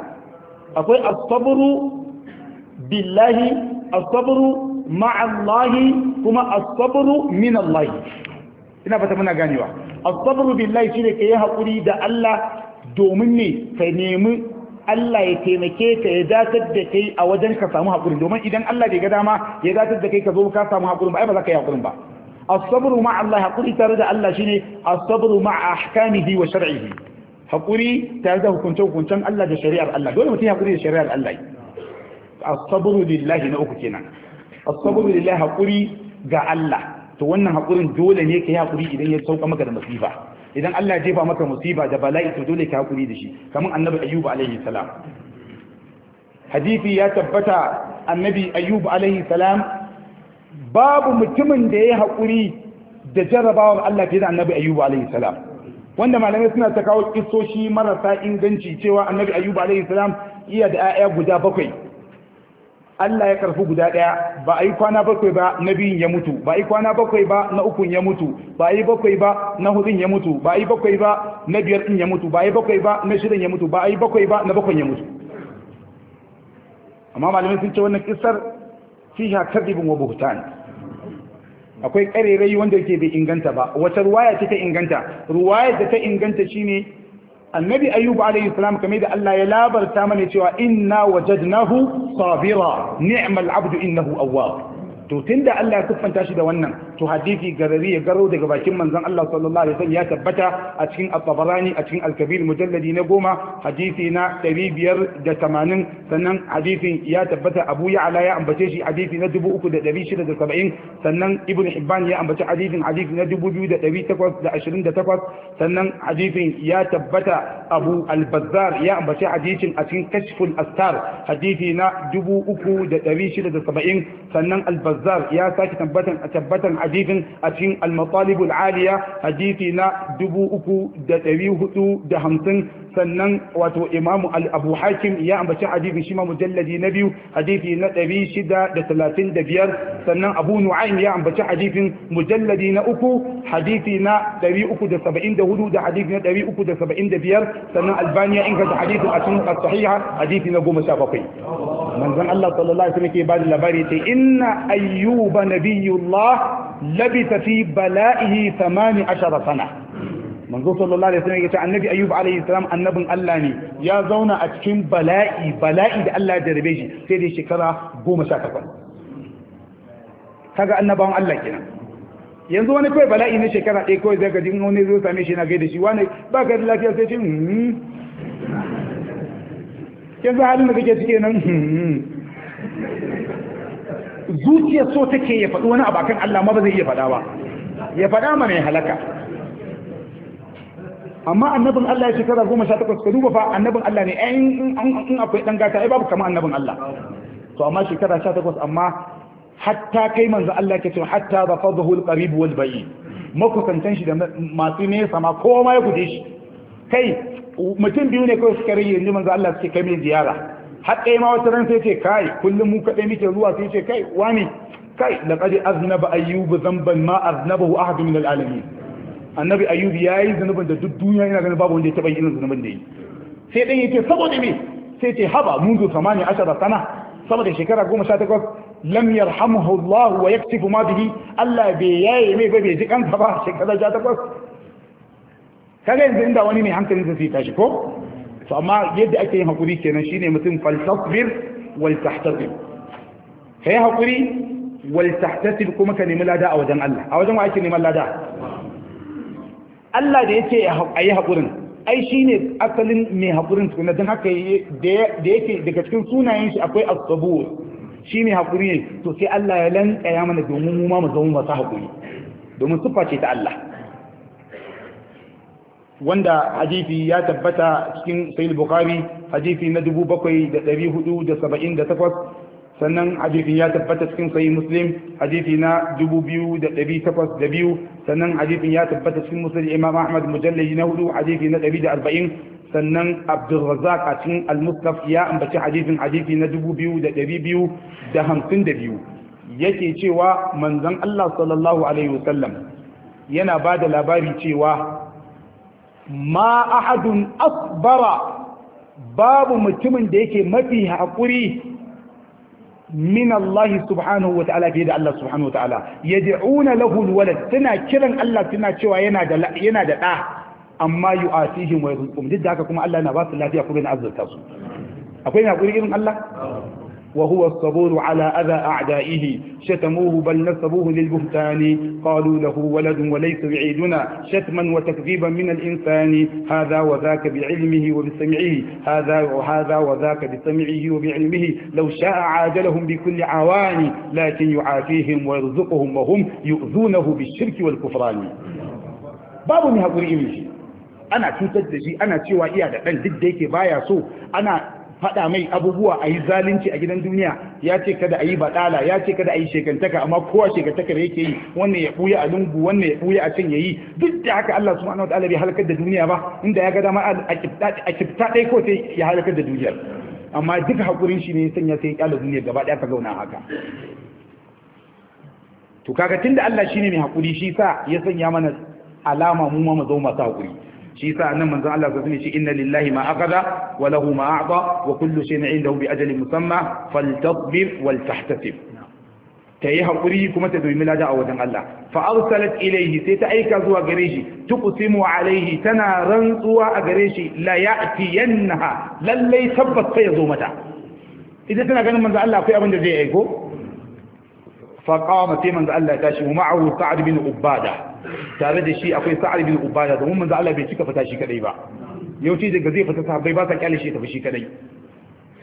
akwai asabru billahi asabru ma'allahi kuma asabru minallahi ina fata muna ganewa asabru billahi ka yi haƙuri da Allah domin ne ka nemi Allah ya taimake ka ya datar da kai a wajen ka samu haƙuri domin idan Allah bai ga dama ya datar da kai ka zo ka samu haƙuri ba ai ba za ka yi haƙurin ba as-sabru ma Allah haƙuri tare da Allah shine as-sabru ma ahkamihi wa shar'ihi haƙuri tare da hukunce hukuncen Allah da shari'ar Allah dole mutum haƙuri da shari'ar Allah as-sabru lillahi na uku kenan as-sabru lillahi haƙuri ga Allah to wannan haƙurin dole ne ka yi haƙuri idan ya sauka maka da masifa idan Allah ya jefa maka musiba da bala'i to dole ka hakuri da shi kamar annabi ayyub alaihi salam hadisi ya tabbata annabi ayyub alaihi salam babu mutumin da ya hakuri da jarrabawar Allah fiye da annabi ayyub alaihi salam wanda malamai suna ta kawo kissoshi marasa inganci cewa annabi ayyub alaihi salam iya da 'ya'ya guda bakwai Allah ya karfi guda ɗaya ba a yi kwana bakwai ba na biyun ya mutu ba a yi kwana bakwai ba na ukun ya mutu ba a yi bakwai ba na hudun ya mutu ba a yi bakwai ba na biyar ɗin ya mutu ba a yi bakwai ba na shirin ya mutu ba a yi bakwai ba na bakwai ya mutu amma malamai sun ce wannan kisar fi hakar ibn wa buhtan akwai karerai wanda yake bai inganta ba wata ruwaya ta inganta ruwaya da ta inganta shine annabi ayyub alayhi salam kame da Allah ya labarta mana cewa inna wajadnahu sabira ni'mal abdu innahu awwab to tunda Allah ya kufanta shi da wannan to hadisi garari ya garo daga bakin manzon Allah sallallahu alaihi wasallam ya tabbata a cikin at-Tabarani a cikin al-Kabir mujalladi na goma hadisi na biyar da tamanin sannan hadisin ya tabbata Abu ya ala ya ambace shi hadisi na dubu uku da da shida saba'in sannan Ibn Hibban ya ambace hadisin hadisi na takwas sannan hadisin ya tabbata Abu al-Bazzar ya ambace hadisin a cikin Kashful Astar hadisi na dubu uku da da shida saba'in sannan al-Bazzar ya saki tabbatan tabbatan hadisin a cikin almatalibul aliya hadisi na 3450 sannan wato imamu abu hakim ya ambaci hadithin shi ma mujalladi na biyu hadithi na biyar sannan abu nu'aym ya ambaci hadithin mujalladi na uku hadithi na uku da saba'in da da hudu hadithi na biyar sannan albani ya inganta hadithin a cikin sahiha hadithi na 17 manzon Allah sallallahu alaihi wasallam ke ba da labari ta inna ayyuba nabiyullah labita fi bala'ihi 18 sana manzo sallallahu alaihi wasallam ya ce annabi ayyub alaihi salam annabin Allah ne ya zauna a cikin bala'i bala'i da Allah ya jarabe shi sai da shekara 18 kaga annabawan Allah kenan yanzu wani kai bala'i na shekara ɗaya kawai zai gaji wani zai same shi na gaida shi wani ba ka da lafiya sai ce hmm. yanzu halin da kake cike nan hmm. zuciya so take ya faɗi wani abakan Allah ma ba zai iya faɗa ba ya faɗa mana ya halaka amma annabin Allah ya shekara goma sha takwas ka duba fa annabin Allah ne in akwai ɗan gata ai babu kama annabin Allah to amma shekara sha takwas amma hatta kai manzo Allah ke cewa hatta da fadhu al-qarib wal bayyin makusantan shi da masu nesa ma kowa ya guje shi kai mutum biyu ne kawai suka rage yanzu manzo Allah suke kai mai ziyara har ɗaya ma wata ran sai ce kai kullum mu kaɗai muke zuwa sai ce kai wani kai laqad aznaba ayyubu dhanban ma aznabahu ahadun min al-alamin annabi ayyub yayi yi da duk duniya yana ganin babu wanda ya taba yin zunubin da yi sai dan yake saboda me sai ce haba munzu samani ashara sana saboda shekara 18 lam yarhamuhu Allah wa yaktifu ma bihi Allah bai yayi mai ba bai ji kanta ba shekara 18 takwas kaga yanzu inda wani mai hankali zai tashi ko to amma yadda ake yin hakuri kenan shine mutum falsafir wal tahtabir kai hakuri wal tahtasib kuma ka nemi lada a wajen Allah a wajen wa ake neman lada Allah da yake a yi haƙurin ai shi ne asalin mai haƙurin tukuna don haka da yake daga cikin sunayen shi akwai asabuwa shi mai haƙuri ne to sai Allah ya lankaya mana domin mu ma mu zama masu haƙuri domin su ce ta Allah wanda hadisi ya tabbata cikin sahih bukhari hadisi na dubu bakwai da da da hudu saba'in ɗari takwas. sannan hadisin ya tabbata cikin sahih muslim hadithi na 2802 sannan hadisin ya tabbata cikin muslim imam ahmad mujallali na hudu hadithi na 140 sannan abdurrazzaq a cikin al-mustaf ya ambaci hadisin hadisi na 2252 yake cewa manzon Allah sallallahu alaihi wasallam yana ba da labari cewa ma ahadun asbara babu mutumin da yake mafi haƙuri min Allah subhanahu wa ta'ala fiye da Allah subhanahu wa ta'ala yad'una lahu alwalad tana kiran Allah tana cewa yana da yana da da amma yu'atihim wa yarzuqum duk haka kuma Allah yana ba su lafiya azurta su akwai hakuri irin Allah وهو الصبور على أذى أعدائه شتموه بل نسبوه للبهتان قالوا له ولد وليس بعيدنا شتما وتكذيبا من الإنسان هذا وذاك بعلمه وبسمعه هذا وهذا وذاك بسمعه وبعلمه لو شاء عاجلهم بكل عوان لكن يعافيهم ويرزقهم وهم يؤذونه بالشرك والكفران babu mai haƙuri irin shi ana cutar da shi ana cewa iya da ɗan duk faɗa mai abubuwa a yi zalunci a gidan duniya ya ce kada a yi baɗala ya ce kada a yi shekantaka amma kowa shekantaka da yake yi wannan ya ɓuya a lungu wannan ya ɓuya a can ya yi duk da haka Allah subhanahu wa ta'ala bai halakar da duniya ba inda ya ga dama a kifta ɗaya ko sai ya halakar da duniyar amma duka haƙurin shi ne ya sanya sai ya ƙyala duniyar gaba ɗaya ka gauna haka to kaga tunda Allah shine mai hakuri shi sa ya sanya mana alama mu ma mu zo masu hakuri shi yasa annan manzon Allah sallallahu alaihi wasallam inna lillahi ma aqada wa lahu ma a'ta wa kullu shay'in 'indahu bi ajalin musamma faltasbir wal tahtasib ta yi haƙuri kuma ta domin lada a wajen Allah fa arsalat ilaihi sai ta aika zuwa gare shi tuqsimu alaihi tana rantsuwa a gare shi la ya'tiyannaha lallai tabbas sai ya mata idan tana ganin manzo Allah akwai abin da zai aiko fa qama sai manzo Allah ya tashi ma'ahu sa'ad bin ubada tare da shi akwai sa'ad bin ubada domin manzo Allah bai cika fita shi kadai ba Yau ce daga zai fita sahabbai ba sa kyale shi tafi shi kadai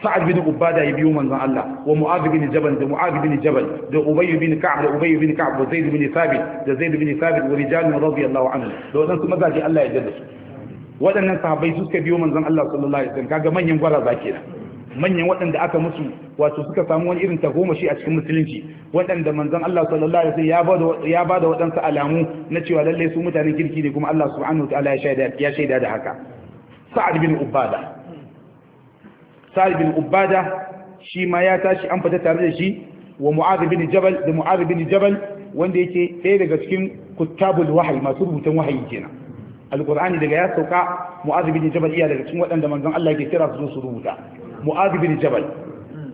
sa'ad bin ubada ya biyo manzon Allah wa mu'adh bin jabal da mu'adh bin jabal da ubay bin ka'ab da ubay bin ka'ab da zaid bin thabit da zaid bin thabit wa rijalun radiyallahu anhu da wannan kuma zaki Allah ya jaddada su waɗannan sahabbai su suka biyo manzon Allah sallallahu alaihi wasallam kaga manyan gwara zaki kenan manyan waɗanda aka musu wato suka samu wani irin tagomashi a cikin musulunci waɗanda manzon Allah sallallahu alaihi wasallam ya bada waɗansu alamu na cewa lallai su mutanen kirki ne kuma Allah subhanahu wataala ya shaida ya shaida da haka Sa'ad bin Ubada Sa'ad bin Ubada shi ma ya tashi an fita tare da shi wa Mu'adh bin Jabal da Mu'adh bin Jabal wanda yake ɗaya daga cikin kuttabul wahayi masu rubutan wahayi kenan alqur'ani daga ya sauka Mu'adh bin Jabal iya daga cikin waɗanda manzon Allah ke kira su su rubuta mu'adh bin jabal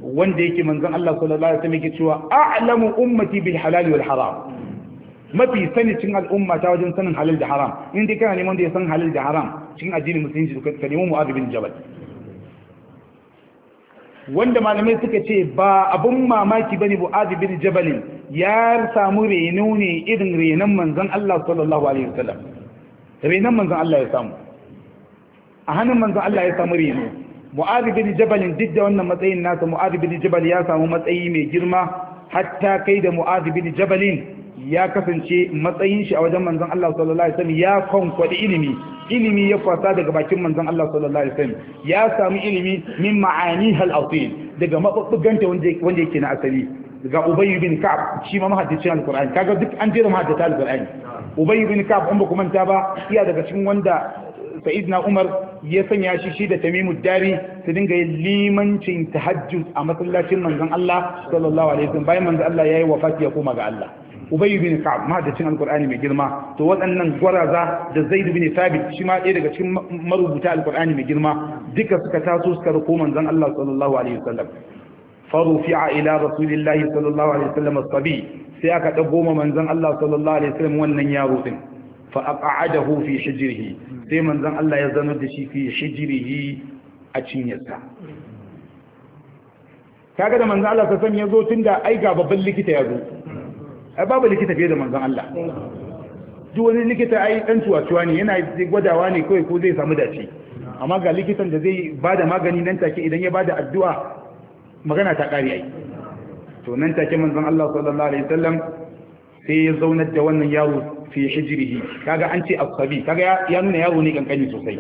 wanda yake manzon Allah sallallahu alaihi wasallam yake cewa a'lamu ummati bil halal wal haram mafi sani cin al'umma ta wajen sanin halal da haram in dai kana neman da ya san halal da haram cikin addinin musulunci ka nemi mu'adh bin jabal wanda malamai suka ce ba abun mamaki bane mu'adh bin jabal ya samu reno ne irin renon manzon Allah sallallahu alaihi wasallam renon manzon Allah ya samu a hannun manzon Allah ya samu reno mu'adh bin jabal duk da wannan matsayin nasa mu'adh bin jabal ya samu matsayi mai girma hatta kai da mu'adh bin jabal ya kasance matsayin shi a wajen manzon Allah sallallahu alaihi wasallam ya konkwadi ilimi ilimi ya kwasa daga bakin manzon Allah sallallahu alaihi wasallam ya samu ilimi min ma'ani hal asil daga mabubbuganta wanda wanda yake na asali daga ubayy bin Ka'ab shi ma mahaddicin Al-Qur'ani kaga duk an jira mahaddata Al-Qur'ani Ubay bin Ka'ab an ba kuma ta ba iya daga cikin wanda Sayyidina Umar ya sanya shi shi da tamimu dari su dinga yin limancin tahajjud a masallacin manzon Allah sallallahu alaihi wasallam bayan manzon Allah yayi wafati ya koma ga Allah Ubay bin Ka'ab cin Alƙur'ani mai girma to waɗannan gwaraza da Zaid bin Thabit shi ma ɗaya daga cikin marubuta Alƙur'ani mai girma duka suka taso suka rako manzon Allah sallallahu alaihi wasallam farufi'a ila rasulillahi sallallahu alaihi wasallam as-sabi sai aka dago manzon Allah sallallahu alaihi wasallam wannan yaro din fa aq'adahu fi shijrihi sai manzon Allah ya zanar da shi fi shijrihi a cinyarsa kaga da manzon Allah sassan ya zo tunda ai ga babban likita ya zo ai babu likita fiye da manzon Allah duk wani likita ai dan tuwa ne yana gwadawa ne kawai ko zai samu dace amma ga likitan da zai bada magani nan take idan ya bada addu'a magana ta kare ai to nan take manzon Allah sallallahu alaihi wasallam sai ya zaunar da wannan yaro fi hijrihi kaga an ce asabi kaga ya nuna yaro ne kankani sosai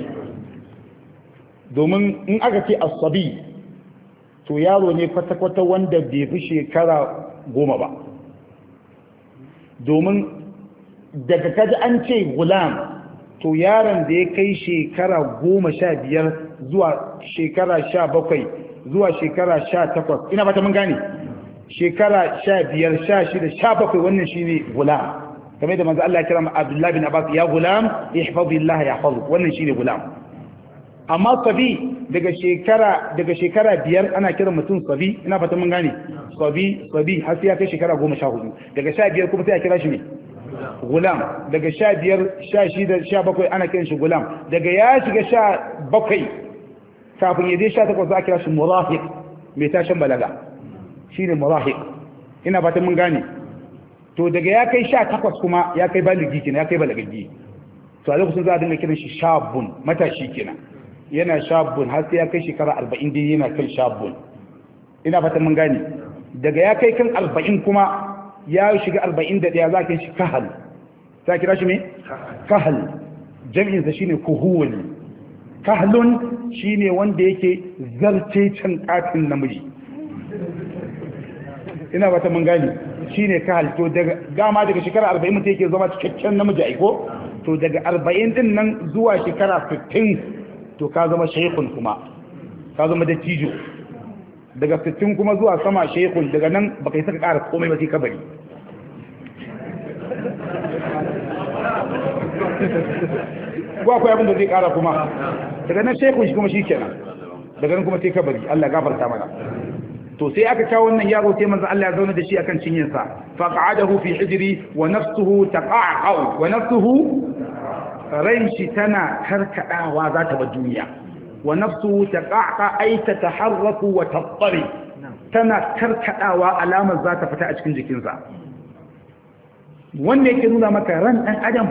domin in aka ce asabi to yaro ne kwata-kwata wanda bai fi shekara goma ba domin daga kaji an ce gulam to yaron da ya kai shekara goma sha biyar zuwa shekara sha bakwai zuwa shekara sha takwas ina ba ta mun gane shekara sha biyar sha shida sha bakwai wannan shi ne gulam kamar da manzo Allah ya kira ma Abdullahi bin Abbas ya gulam ihfazillah yahfazuk wannan shi ne gulam amma sabi daga shekara daga shekara biyar ana kiran mutum sabi ina fata mun gane sabi sabi har sai ya kai shekara goma sha hudu daga sha biyar kuma sai a kira shi ne gulam daga sha biyar sha shida sha bakwai ana kiran shi gulam daga ya shiga sha bakwai kafin ya je sha takwas za a kira shi murafiq mai tashin balaga Shi ne murahiq ina fatan mun gane to daga ya kai sha takwas kuma ya kai baligi kenan ya kai balagaggi to a lokacin za a dinga kiran shi shabun matashi kenan yana shabun har sai ya kai shekara arba'in dai yana kan shabun ina fatan mun gane daga ya kai kan arba'in kuma ya shiga arba'in da ɗaya za a kai shi kahal za kira shi me kahal jam'insa ne kuhuwani shi ne wanda yake zarce can katin namiji ina ba ta mun gane shine ka halto daga gama daga shekara 40 mutum yake zama cikakken namiji aiko to daga 40 din nan zuwa shekara 15 to ka zama shaykhun kuma ka zama dattijo daga 15 kuma zuwa sama shaykhun daga nan baka yi saka ƙara komai ba sai ka bari ko akwai abin da zai ƙara kuma daga nan shaykhun shi kuma shi kenan daga nan kuma sai ka bari Allah gafarta mana to sai aka kawo wannan yaro sai manzo Allah ya zauna da shi akan cinyarsa fa qa'adahu fi hijri wa nafsuhu taqa'u wa nafsuhu ran shi tana karkadawa za ta bar duniya wa nafsuhu taqa'a ay tataharraku wa tattari tana karkadawa alamar za ta fita a cikin jikinsa wanda yake nuna maka ran dan adam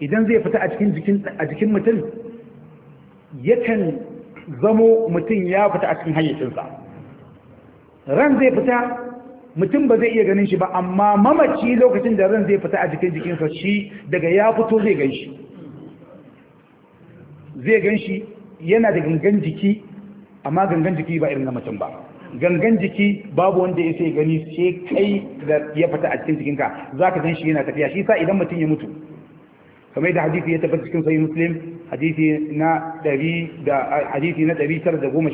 idan zai fita a cikin jikin a jikin mutum yakan zamo mutum ya fita a cikin hayyacinsa ran zai fita mutum ba zai iya ganin shi ba amma mamaci lokacin da ran zai fita a jikin jikinsa shi daga ya fito zai ganshi zai ganshi yana da gangan jiki amma gangan jiki ba irin na mutum ba gangan jiki babu wanda ya sai gani sai kai da ya fita a cikin jikinka za ka gan shi yana tafiya shi sa idan mutum ya mutu kamar da hadisi ya tabbata cikin sahih muslim hadisi na 100 da goma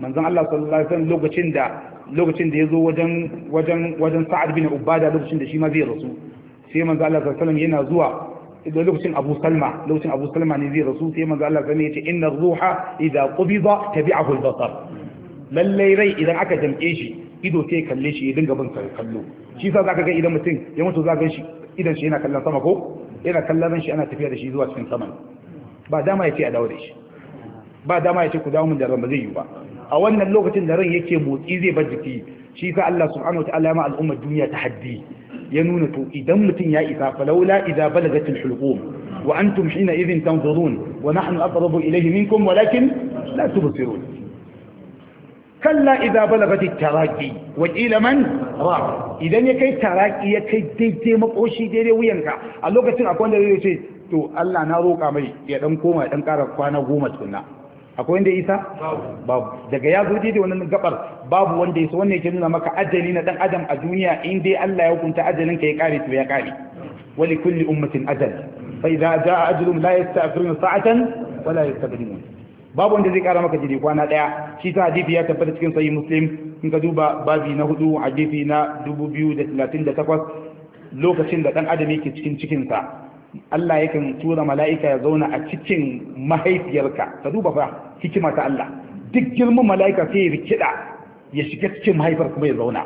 manzon Allah sallallahu alaihi wasallam lokacin da lokacin da yazo wajen wajen wajen Sa'ad bin Ubada lokacin da shi ma zai rasu sai manzon Allah sallallahu alaihi wasallam yana zuwa da lokacin Abu Salma lokacin Abu Salma ne zai rasu sai manzon Allah sallallahu alaihi wasallam yace inna ruha idza qubida tabi'ahu al-basar lalle rai idan aka jamke shi ido sai kalle shi ya dinga bin kallo shi sa zaka ga idan mutum ya mutu zaka gan idan shi yana kallon sama ko yana kallon shi ana tafiya da shi zuwa cikin sama ba dama ya ce a dawo da shi ba dama ya ce ku dawo mun da ran ba zai yi ba a wannan lokacin da ran yake motsi zai bar jiki shi sa Allah subhanahu wataala ya ma al'ummar duniya ta haddi ya nuna to idan mutum ya isa falaula idza balagatil hulqum wa antum hina idhin tanzurun wa nahnu aqrabu ilayhi minkum walakin la tubsirun kalla idza balagatit taraqi wa qila man ra idan ya kai taraqi ya kai daidai makoshi daidai wuyanka a lokacin akwai wanda zai ce to Allah na roƙa mai ya dan koma ya dan ƙara kwana goma tukunna akwai wanda isa babu daga ya zo daidai wannan gabar babu wanda isa wannan yake nuna maka ajali na dan adam a duniya in dai Allah ya hukunta ajalin ka ya kare to ya kare wali kulli ummatin ajal fa idza jaa ajalum la yasta'khiruna sa'atan wala yastaqdimun babu wanda zai kara maka jiri kwana daya shi ta hadisi ya tabbata cikin sahih muslim in ka duba babi na hudu hadisi na 2038 lokacin da dan adam yake cikin cikinsa Allah yakan tura mala'ika ya zauna a cikin mahaifiyarka ka duba fa hikima ta Allah duk girman mala'ika sai ya rikida ya shiga cikin mahaifar kuma ya zauna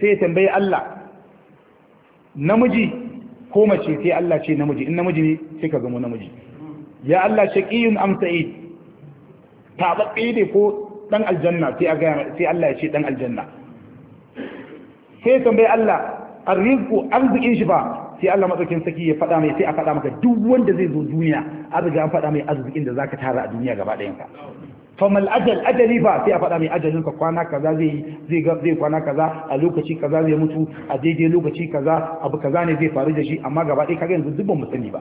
sai ya tambayi Allah namiji ko mace sai Allah ce namiji in namiji ne sai ka zama namiji ya Allah shaqiyun yin amsa'i tabaqi ne ko ɗan aljanna sai sai Allah ya ce ɗan aljanna sai ya tambayi Allah arrizqu arzikin shi fa sai Allah madaukin saki ya faɗa mai sai a faɗa maka duk wanda zai zo duniya an riga an faɗa mai arzikin da zaka tara a duniya gaba ɗayan ka famal ajal ajali fa sai a faɗa mai ajalin ka kwana kaza zai zai zai kwana kaza a lokaci kaza zai mutu a daidai lokaci kaza abu kaza ne zai faru da shi amma gaba ɗaya kaga yanzu dubban musulmi ba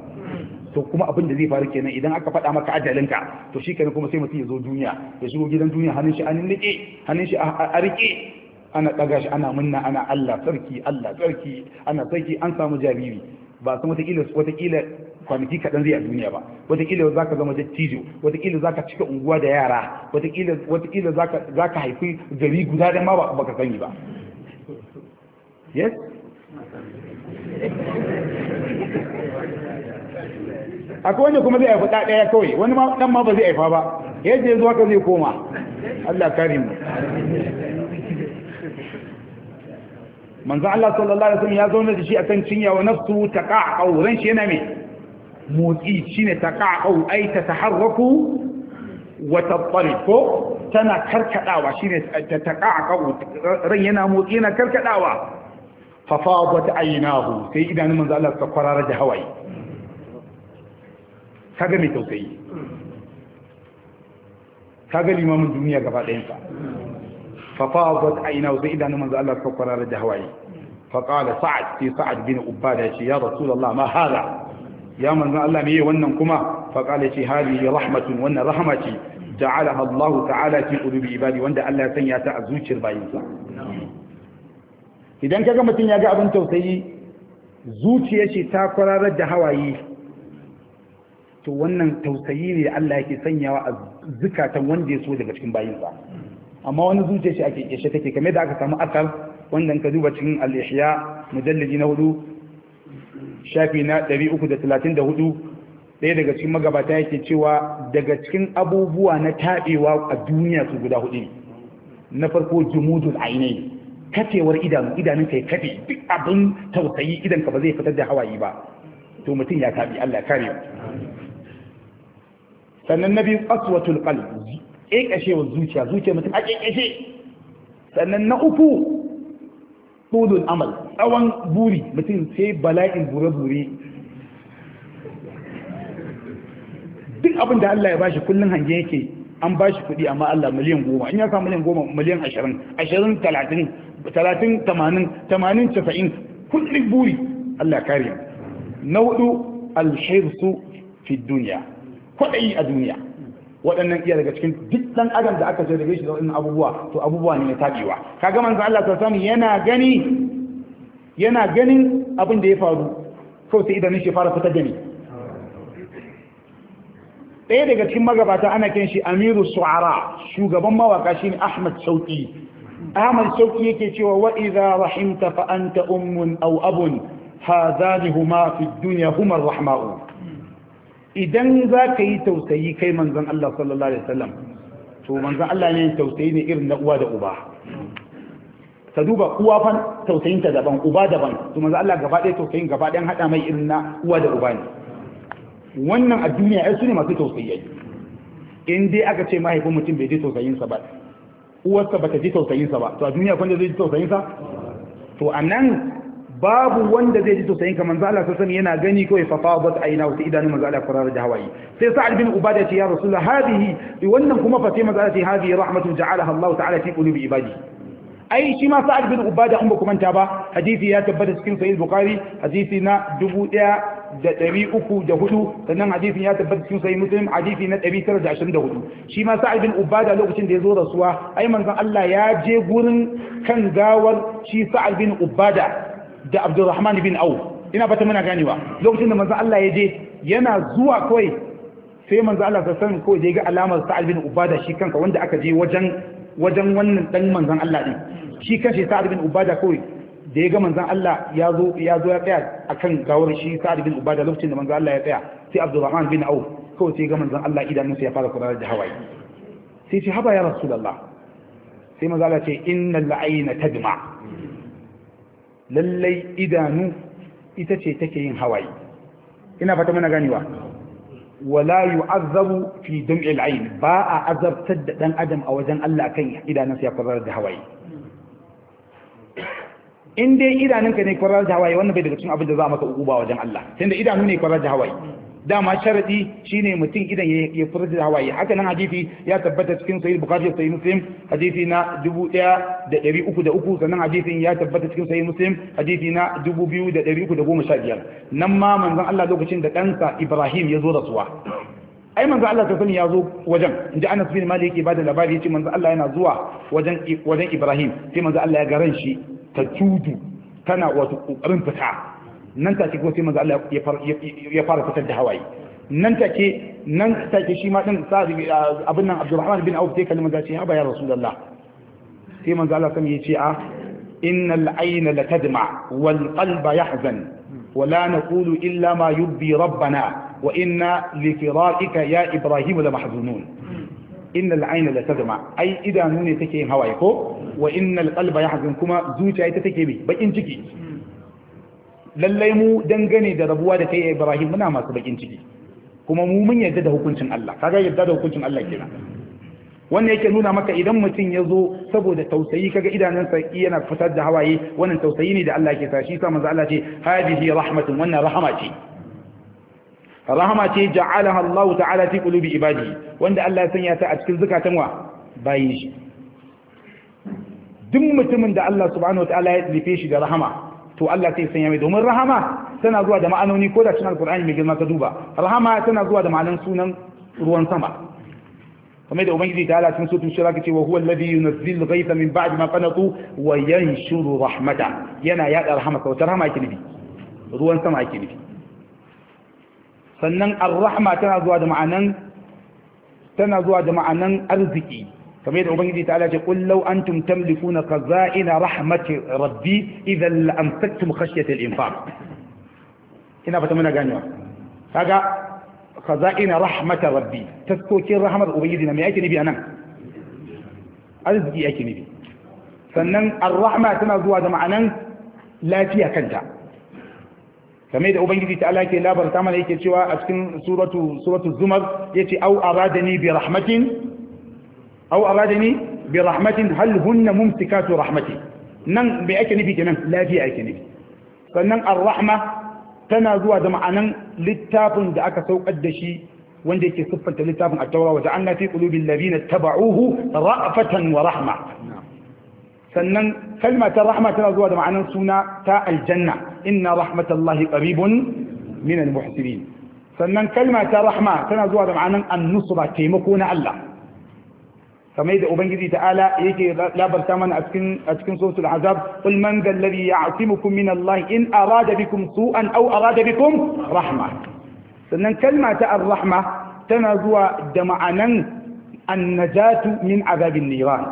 to kuma abin da zai faru kenan idan aka faɗa maka ajalin ka to shi kenan kuma sai mutum ya zo duniya ya shigo gidan duniya hannun shi an nike hannun shi a rike ana ɗaga shi ana munna ana Allah sarki Allah sarki ana sarki an samu jariri ba san watakila watakila kwanaki kaɗan zai a duniya ba watakila za ka zama dattijo watakila za ka cika unguwa da yara watakila za ka haifi gari guda da ma ba ka sani ba yes akwai wanda kuma zai haifi ɗaya kawai wani ma ɗan ma ba zai haifa ba yadda ya zuwa ka zai koma Allah karim manzo Allah sallallahu alaihi wasallam ya zauna da shi akan cinya wa nafsu taqa'u ran shi yana me motsi shine taqa'u ai ta taharraku wa tattariqu tana karkadawa shine ta taqa'u ran yana motsi yana karkadawa fa fadat aynahu sai idanun manzo Allah ta kwarara da hawaye kaga mai tausayi kaga limamin duniya gaba ɗayan sa ففاضت عيناه زي إذا نمز الله فقرا رجهواي فقال سعد في سعد بن عبادة يا رسول الله ما هذا يا من الله مي ونن كما فقال شي هذه رحمة ون رحمتي جعلها الله تعالى في قلوب عبادي وند الله سنيا تأزوجر باينسا idan kaga mutum ya ga abin tausayi zuciyar shi ta kwararar da hawaye to wannan tausayi ne Allah yake sanyawa a zukatan wanda ya so daga cikin bayinsa amma wani zuciya shi a kekeshe take kamar da aka samu akal wanda ka duba cikin al-ihya mujallidi na hudu shafi na 334 ɗaya daga cikin magabata yake cewa daga cikin abubuwa na taɓewa a duniya su guda hudu ne na farko jumudul ainai kafewar idanu idanun kai kafe duk abin tausayi idan ka ba zai fitar da hawaye ba to mutum ya tabi Allah kare sannan na biyu aswatul qalb ƙeƙashewar zuciya zuciya mutum a ƙeƙashe sannan na uku tudun amal tsawon buri mutum sai bala'in bure-bure duk abin da Allah ya bashi kullum hange yake an bashi kuɗi amma Allah miliyan goma in ya sa miliyan goma miliyan ashirin ashirin talatin talatin tamanin tamanin casa'in kullum buri Allah kariya na hudu alhirsu fi duniya kwaɗayi a duniya waɗannan iya daga cikin duk dan adam da aka jarrabe shi da waɗannan abubuwa to abubuwa ne na tabewa kaga manzo Allah ta samu yana gani yana ganin abin da ya faru ko sai idan shi fara fita gani ɗaya daga cikin magabata ana kiran shi Amiru Su'ara shugaban mawaka shine Ahmad Shauki Ahmad Shauki yake cewa wa idza rahimta fa anta ummun aw abun fi dunya huma rahma'u idan za ka yi tausayi kai manzan Allah sallallahu Alaihi wasallam to manzan Allah ne tausayi ne irin na uwa da uba ka duba uwa fa tausayinta daban uba daban to manzan Allah gaba ɗaya tausayin gaba ɗayan haɗa mai irin na uwa da uba ne wannan a duniya ai su ne masu tausayi in dai aka ce mahaifin mutum bai ji tausayinsa ba uwarsa ba ta ji tausayinsa ba to a duniya kwanda zai ji tausayinsa to a nan babu wanda zai ji tausayin ka manzo Allah sallallahu yana gani kawai fa fadat aina wa idanu manzo Allah farar da hawaye sai sa'ad bin ubada ce ya rasulullah hadihi wannan kuma fa sai manzo Allah ce hadihi rahmatu ja'alaha Allah ta'ala fi qulubi ibadi ai shi ma sa'ad bin ubada an ba kuma ta ba hadisi ya tabbata cikin sahih bukhari hadisi na 1304 sannan hadisin ya tabbata cikin sahih muslim hadisi na 924 shi ma sa'ad bin ubada lokacin da ya zo rasuwa ai manzon Allah ya je gurin kan gawar shi sa'ad bin ubada da abdurrahman bin Awu. ina fata muna ganewa lokacin da manzo Allah ya je yana zuwa kawai sai manzo Allah ya san kawai je ga alamar sa'ad bin ubada shi kanka wanda aka je wajen wajen wannan dan manzon Allah din shi kanshi sa'ad bin ubada kawai da ya ga manzon Allah ya zo ya zo ya tsaya akan gawar shi sa'ad bin ubada lokacin da manzon Allah ya tsaya sai abdurrahman bin Awu kawai sai ga manzon Allah idanunsa ya fara kurar da hawaye sai ce haba ya rasulullah sai manzo Allah ce innal la'ayna tadma lallai idanu ita ce take yin hawaye ina fata mana ganewa wala yu'azzabu fi dum'il ayn ba a azabtar da dan adam a wajen Allah kan idanunsa ya kwarar da hawaye in dai idanunka ne kwarar da hawaye wannan bai daga cikin abin da za maka uku ba wajen Allah da idanu ne kwarar da hawaye dama sharadi shine mutum idan ya furta hawaye haka nan hadisi ya tabbata cikin sahih bukhari da sahih muslim hadisi na 1303 sannan hadisin ya tabbata cikin sahih muslim hadisi na 2315 nan ma manzon Allah lokacin da ɗansa Ibrahim ya zo da rasuwa ai manzo Allah ta sani ya zo wajen inda Anas bin Malik yake bada labari ya ce manzo Allah yana zuwa wajen wajen Ibrahim sai manzo Allah ya ga ran shi ta tudu tana wato kokarin fita nan take sai manzo Allah ya fara fitar da hawaye nan take nan take shi ma din abin nan Abdurrahman bin Auf sai kalmar zaci haba ya Rasulullah sai manzo Allah kam yace a innal ayna latadma wal qalba yahzan ولا نقول إلا ما يبي ربنا وإنا لفراقك يا إبراهيم لمحزونون إن take لتدمع أي ko wa تكي هوايكو وإن القلب يحزن كما زوجة تكي بي بإن ciki. lallai mu dangane da rabuwa da kai Ibrahim muna masu bakin ciki kuma mu mun yarda da hukuncin Allah kaga yarda da hukuncin Allah kenan wannan yake nuna maka idan mutum ya zo saboda tausayi kaga idanunsa yana fitar da hawaye wannan tausayi ne da Allah ke sa shi sa manzo Allah ce hadihi rahmatun wannan rahama ce rahama ce ja'alaha Allah ta'ala fi qulubi ibadi wanda Allah ya sanya ta a cikin zakatan wa bayin shi duk mutumin da Allah subhanahu wa ta'ala ya nufe shi da rahama to Allah sai sanya mai domin rahama tana zuwa da ma'anoni ko da cikin alkur'ani mai girma ka duba rahama tana zuwa da ma'anan sunan ruwan sama kamar da ubangiji ta Allah cikin sutun shira kace wa huwa alladhi yunzilu ghaytha min ba'di ma qanatu wa yanshuru rahmata yana yada rahama ka wata rahama yake nufi ruwan sama yake nufi sannan ar-rahma tana zuwa da ma'anan tana zuwa da ma'anan arziki kamar yadda ubangiji ta ala ce qul law kuna tamlikuna khaza'ina rahmati rabbi idan la amsaktum kashe al-infaq ina fata muna ganewa kaga khaza'ina rahmata rabbi taskokin rahmar ubangiji na me yake nabi anan arziki yake nabi sannan ar-rahma tana zuwa da ma'anan lafiya kanta kamar da ubangiji ta ala labar ta mana yake cewa a cikin suratu suratu zumar yace au aradani bi rahmatin aw aradani bi rahmatin hal hunna mumsikatu rahmati nan bai ake nufi kenan lafiya ake nufi sannan ar-rahma tana zuwa da ma'anan littafin da aka saukar da shi wanda yake siffanta littafin at-taura wa ja'alna fi qulubil ladina taba'uhu ra'fatan wa rahma sannan kalma ta rahma tana zuwa da ma'anan suna ta aljanna inna rahmatallahi qaribun min al-muhsinin sannan kalma ta rahma tana zuwa da ma'anan an-nusra taimako na Allah kamar yadda ubangiji ta'ala yake labarta mana a cikin a cikin suratul azab qul man dhal ladhi ya'timukum min in arada bikum su'an aw arada bikum rahma sannan kalma ta ar-rahma tana zuwa da ma'anan an-najatu min azabin niran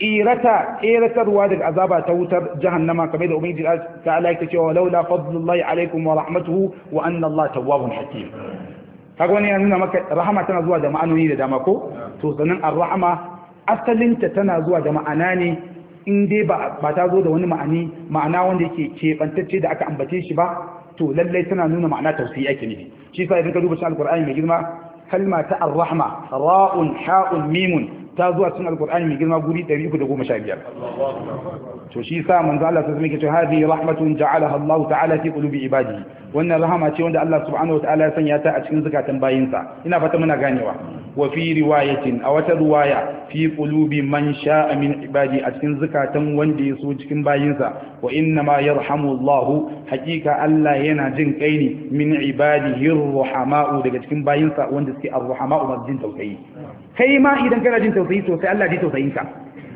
irata iratarwa daga azaba ta wutar jahannama kamar da ubangiji ta'ala yake cewa laula fadlullahi alaikum wa rahmatuhu wa anna Allah tawwabun hakim kaga wani ya nuna maka rahama tana zuwa da ma'anoni da dama ko to sanin ar-rahma asalinta tana zuwa da ma'ana ne in dai ba ta zo da wani ma'ani ma'ana wanda yake keɓantacce da aka ambace shi ba to lallai tana nuna ma'ana tausayi ake ne shi sa idan ka duba shi alqur'ani mai girma kalma ta arrahma rahma ra'un ha'un mimun ta zuwa cikin alkur'ani mai girma guri 315 to shi sa manzo Allah sai yake cewa hadi rahmatun ja'alaha Allah ta'ala fi qulubi ibadihi wannan rahama ce wanda Allah subhanahu wataala ya sanya ta a cikin zakatan bayinsa ina fata muna ganewa wa fi riwayatin a wata riwaya fi qulubi man sha'a min ibadi a cikin zakatan wanda ya so cikin bayinsa wa inna ma yarhamu Allah hakika Allah yana jin kai ne min ibadihi ar-rahama'u daga cikin bayinsa wanda suke ar-rahama'u majin taukayi kai ma idan kana jin tausayi sosai Allah ji tausayin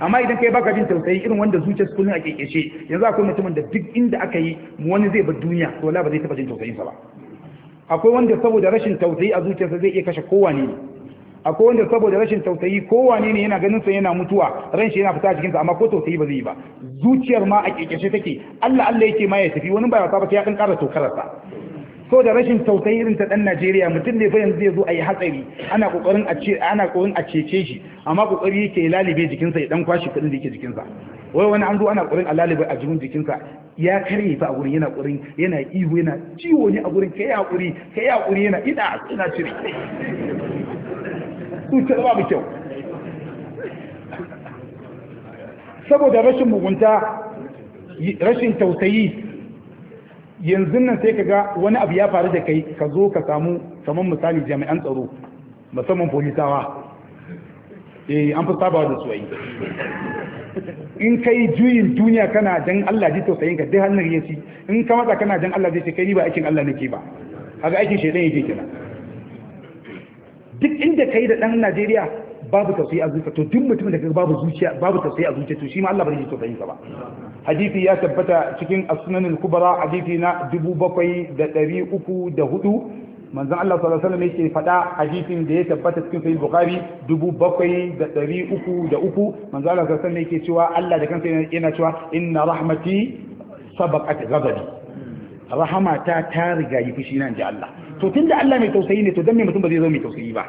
amma idan kai baka jin tausayi irin wanda zuciyarsa kullun a kekeshe yanzu akwai mutumin da duk inda aka yi wani zai bar duniya to wallahi ba zai taba jin tausayin sa ba akwai wanda saboda rashin tausayi a zuciyarsa zai iya kashe kowane ne akwai wanda saboda rashin tausayi kowane ne yana ganin sa yana mutuwa ran shi yana fita cikin sa amma ko tausayi ba zai yi ba zuciyar ma a kekeshe take Allah Allah yake ma ya tafi wani ba ya saba sai ya kan tokarar sa so da rashin tausayi irin ta dan Najeriya mutum ne fa yanzu zai zo a yi hatsari ana kokarin a ce ana kokarin a cece shi amma kokari yake lalibe jikinsa ya dan kwashi kudin da yake jikinsa wai wani an zo ana kokarin a lalibe a jikin jikinsa ya karye fa a gurin yana kokarin yana ihu yana ciwo ne a gurin kai hakuri kai hakuri yana ida ina cire su ce ba kyau saboda rashin mugunta rashin tausayi yanzu nan sai ka ga wani abu ya faru da kai ka zo ka samu kamar misali jami'an tsaro musamman polisawa eh an fi sabawa da su in kai juyin duniya kana dan Allah ji tausayin ka dai hannun yaci in ka matsa kana dan Allah zai ce kai ni ba aikin Allah nake ba kaga aikin shedan yake kina duk inda kai da dan Najeriya babu tausayi a zuciya to duk mutumin da kaga babu zuciya babu tausayi a zuciya to shi ma Allah bari ji tausayin sa ba hadisi ya tabbata cikin as-sunan al-kubra hadisi na 7304 manzon Allah sallallahu alaihi wasallam yake fada hadisin da ya tabbata cikin sahih bukhari 7303 manzon Allah sallallahu alaihi yake cewa Allah da kansa yana cewa inna rahmati sabaqat ghadabi rahama ta ta riga yi fushi nan ji Allah to tunda Allah mai tausayi ne to dan me mutum ba zai zo mai tausayi ba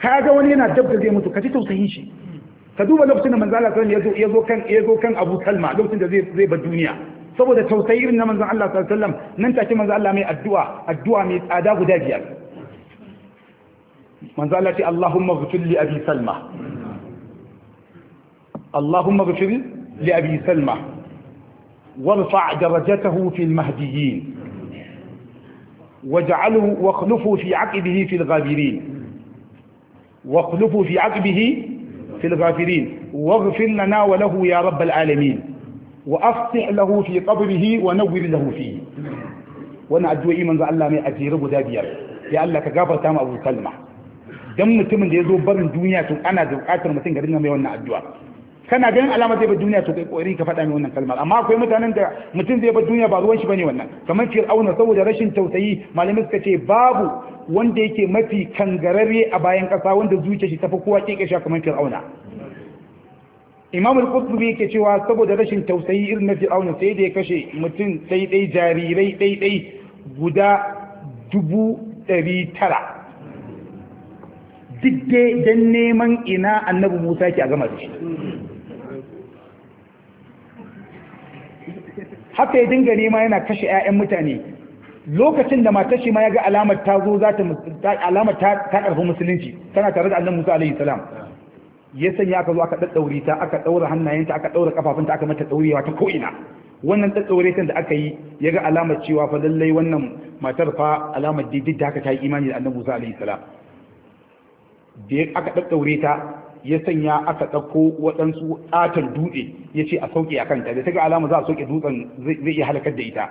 ka ga wani yana dab zai mutu ka ji tausayin shi ka duba lokacin da manzo Allah sallallahu alaihi wasallam ya zo kan Abu Talma lokacin da zai zai bar duniya saboda tausayi irin na manzo Allah sallallahu alaihi wasallam nan take manzo Allah mai addu'a addu'a mai tsada guda biyar manzo Allah ce Allahumma ghfir li abi Salma Allahumma ghfir li abi Salma وارفع درجته في المهديين واجعله واخلفه في عقبه في الغابرين واخلفوا في عقبه في الغافرين واغفر لنا وله يا رب العالمين وأفتح له في قبره ونور له فيه وانا أدوى إيمان ذا الله من أجير أبو دابير يا الله كغافر تام أبو سلمة دم متمن دي برن دنيا تو أنا دعاتر متن قرنا ميوانا أدوى kana ganin alama zai bar duniya to kai kokari ka faɗa mai wannan kalmar amma akwai mutanen da mutum zai bar duniya ba ruwan shi bane wannan kamar auna saboda rashin tausayi malamai suka ce babu wanda yake mafi kangararre a bayan ƙasa wanda zuciya shi tafi kowa kike sha kamar fir'auna al qutbi yake cewa saboda rashin tausayi irin na fir'auna sai da ya kashe mutum sai dai jarirai dai dai guda dubu ɗari tara duk dan neman ina annabi musa ke a gama da shi haka ya dinga nema yana kashe 'ya'yan mutane lokacin da matar shi ma ya ga alamar ta zo za ta alamar ta karfi musulunci tana tare da annabi Musa alaihi salam ya sanya aka zo aka daddaure ta aka daura hannayenta aka daura kafafunta aka mata daurewa ta ko'ina wannan daddaure da aka yi ya ga alamar cewa fa lallai wannan matar fa alamar didid da aka ta yi imani da annabi Musa alaihi salam da aka daddaure ta ya sanya aka ɗauko waɗansu ƙatar dutse ya ce a sauƙe a kanta da ta ga alama za a sauƙe dutsen zai iya halakar da ita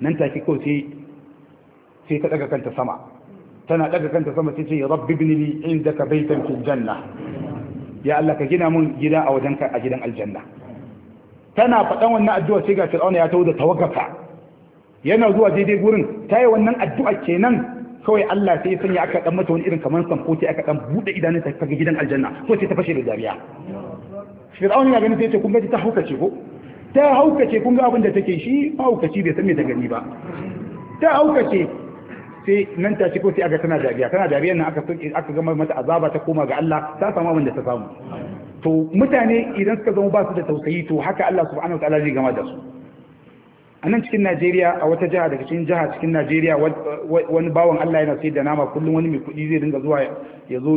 nan take kawai sai sai ta ɗaga kanta sama tana ɗaga kanta sama sai ce rabbi binili inda ka baitan fil janna ya Allah ka gina mun gida a wajen a gidan aljanna tana faɗan wannan addu'a sai ga Fir'auna ya tawo da tawakkata yana zuwa daidai gurin yi wannan addu'a kenan kawai Allah sai ya sanya aka dan mata wani irin kamar sai aka dan bude idanun ta kaga gidan aljanna ko sai ta fashe da dariya Fir'aun ya gani sai ce kun ga ta haukace ko ta haukace kun ga abin da take shi haukaci bai san me ta gani ba ta haukace sai nan ta ce ko sai aka tana dariya tana dariya nan aka aka gama mata azaba ta koma ga Allah ta samu abin da ta samu to mutane idan suka zama ba su da tausayi to haka Allah subhanahu wa ta'ala zai gama da su a nan cikin najeriya a wata jiha daga cikin jiha cikin najeriya wani bawan allah yana sai da nama kullum wani mai kuɗi zai dinga zuwa ya zo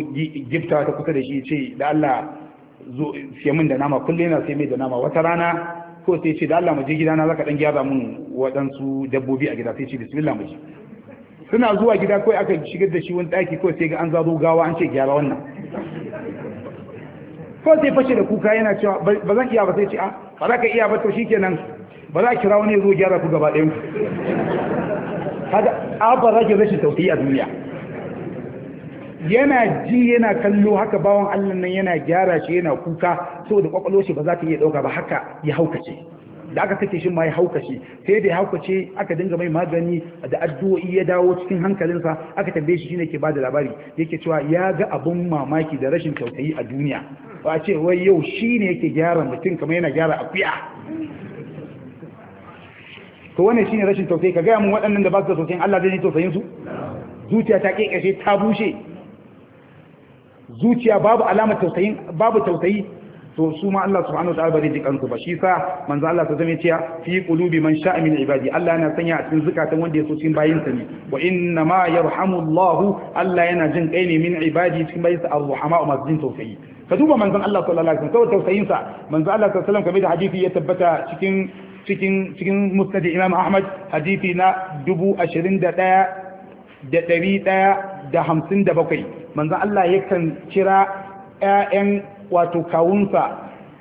gifta ta kusa da shi ce da allah zo siya min da nama kullum yana sai mai da nama wata rana ko sai ce da allah mu je na zaka dan gyara mun waɗansu dabbobi a gida sai ce bismillah mu je suna zuwa gida kawai aka shigar da shi wani ɗaki kawai sai ga an zaro gawa an ce gyara wannan ko sai fashe da kuka yana cewa ba zan iya ba sai ce a ah, ba za ka iya ba to shikenan ba za a kira wani ya zo gyara ku gaba ɗin ku kada abin rage rashin tausayi a duniya yana ji yana kallo haka bawon allah nan yana gyara shi yana kuka saboda kwakwalo shi ba za ta iya ɗauka ba haka ya haukace da aka kake shi ma ya haukace sai da ya haukace aka dinga mai magani da addu'o'i ya dawo cikin hankalinsa aka tambaye shi shine ke ba da labari yake cewa ya ga abun mamaki da rashin tausayi a duniya ba a ce wai yau shine yake gyara mutum kamar yana gyara akuya to wannan shine rashin tausayi ka gaya mun waɗannan da ba su da tausayin Allah zai yi tausayin su zuciya ta kekashe ta bushe zuciya babu alamar tausayin babu tausayi to su ma Allah subhanahu wataala ba zai ji kansu ba shi sa manzo Allah ta zama cewa fi qulubi man sha'a min ibadi Allah yana sanya a cikin zukatan wanda ya so cikin bayin sa ne wa inna ma yarhamu Allah Allah yana jin kai ne min ibadi cikin bayin sa ar-rahama masu jin tausayi ka duba manzon Allah sallallahu alaihi wasallam tausayin sa manzon Allah sallallahu alaihi wasallam kamar da hadisi ya tabbata cikin cikin cikin musnad imam ahmad hadisi na dubu ashirin da ɗaya da ɗari ɗaya da hamsin da bakwai manzo Allah yakan kira ƴaƴan wato kawunsa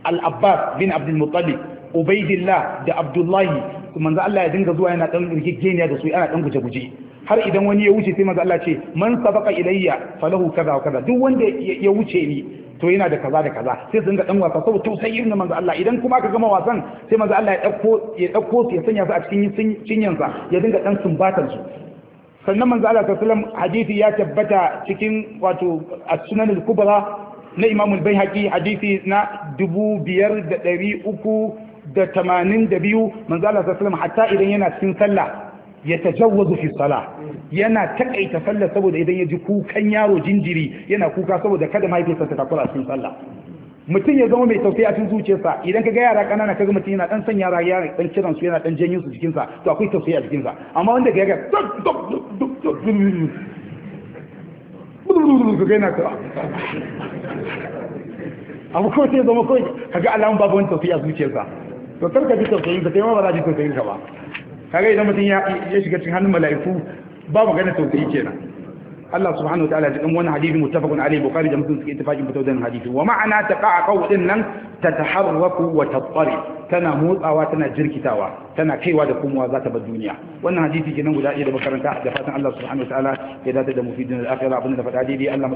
al-abbas bin abdul muttalib ubaidillah da abdullahi manzo Allah ya dinga zuwa yana dan rigegeniya da su yana dan guje-guje har idan wani ya wuce sai manzo Allah ce man sabaka ilayya falahu kaza wa kaza duk wanda ya wuce ni to yana da kaza da kaza sai su dinga dan wasa saboda tausayi irin manzo Allah idan kuma aka gama wasan sai manzo Allah ya dauko ya dauko su ya sanya su a cikin sa ya dinga dan sumbatar su sannan manzo Allah sallallahu alaihi wasallam hadisi ya tabbata cikin wato as-sunan al-kubra na Imam al-Baihaqi hadisi na 2300 da tamanin da biyu manzala salama hatta idan yana cikin sallah ya tajawwazu fi sala yana takaita sallah saboda idan ya ji kukan yaro jinjiri yana kuka saboda kada mahaifinsa ta takura cikin sallah mutum ya zama mai tausayi a cikin zuciyarsa idan ka ga yara kanana kaga mutum yana dan sanya yara yana dan kiran su yana dan janyo su jikinsa to akwai tausayi a jikinsa amma wanda ga ga ka gaina ka abu kawai sai zama kawai kaga alamun babu wani tafiya zuciyarsa to karka ji tausayin sa kai ma ba za ji tausayin ka ba kaga idan mutum ya shiga cikin hannun mala'iku ba magana tausayi kenan Allah subhanahu wa ta'ala cikin wannan hadisi muttafaqun alayhi bukhari da muslim suke ittifaqin fito da hadisi wa ma'ana taqa qawdin nan tataharraku wa tattari tana motsawa tana jirkitawa tana kaiwa da komowa za ta bar duniya wannan hadisi kenan guda ɗaya da makaranta da fatan Allah subhanahu wa ta'ala ya dace da mufidin al-akhirah abin da faɗa daidai Allah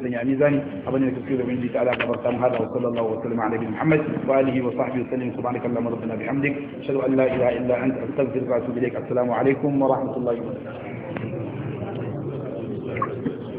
sanya a mizani abin da kuke da ubangiji ta'ala ga barkan hada wa sallallahu wa sallama ala nabiyina Muhammad wa alihi wa sahbihi wa subhanaka allahumma rabbana bihamdik ashhadu an la ilaha illa anta astaghfiruka wa atubu ilaik assalamu alaikum wa rahmatullahi wa barakatuh there is this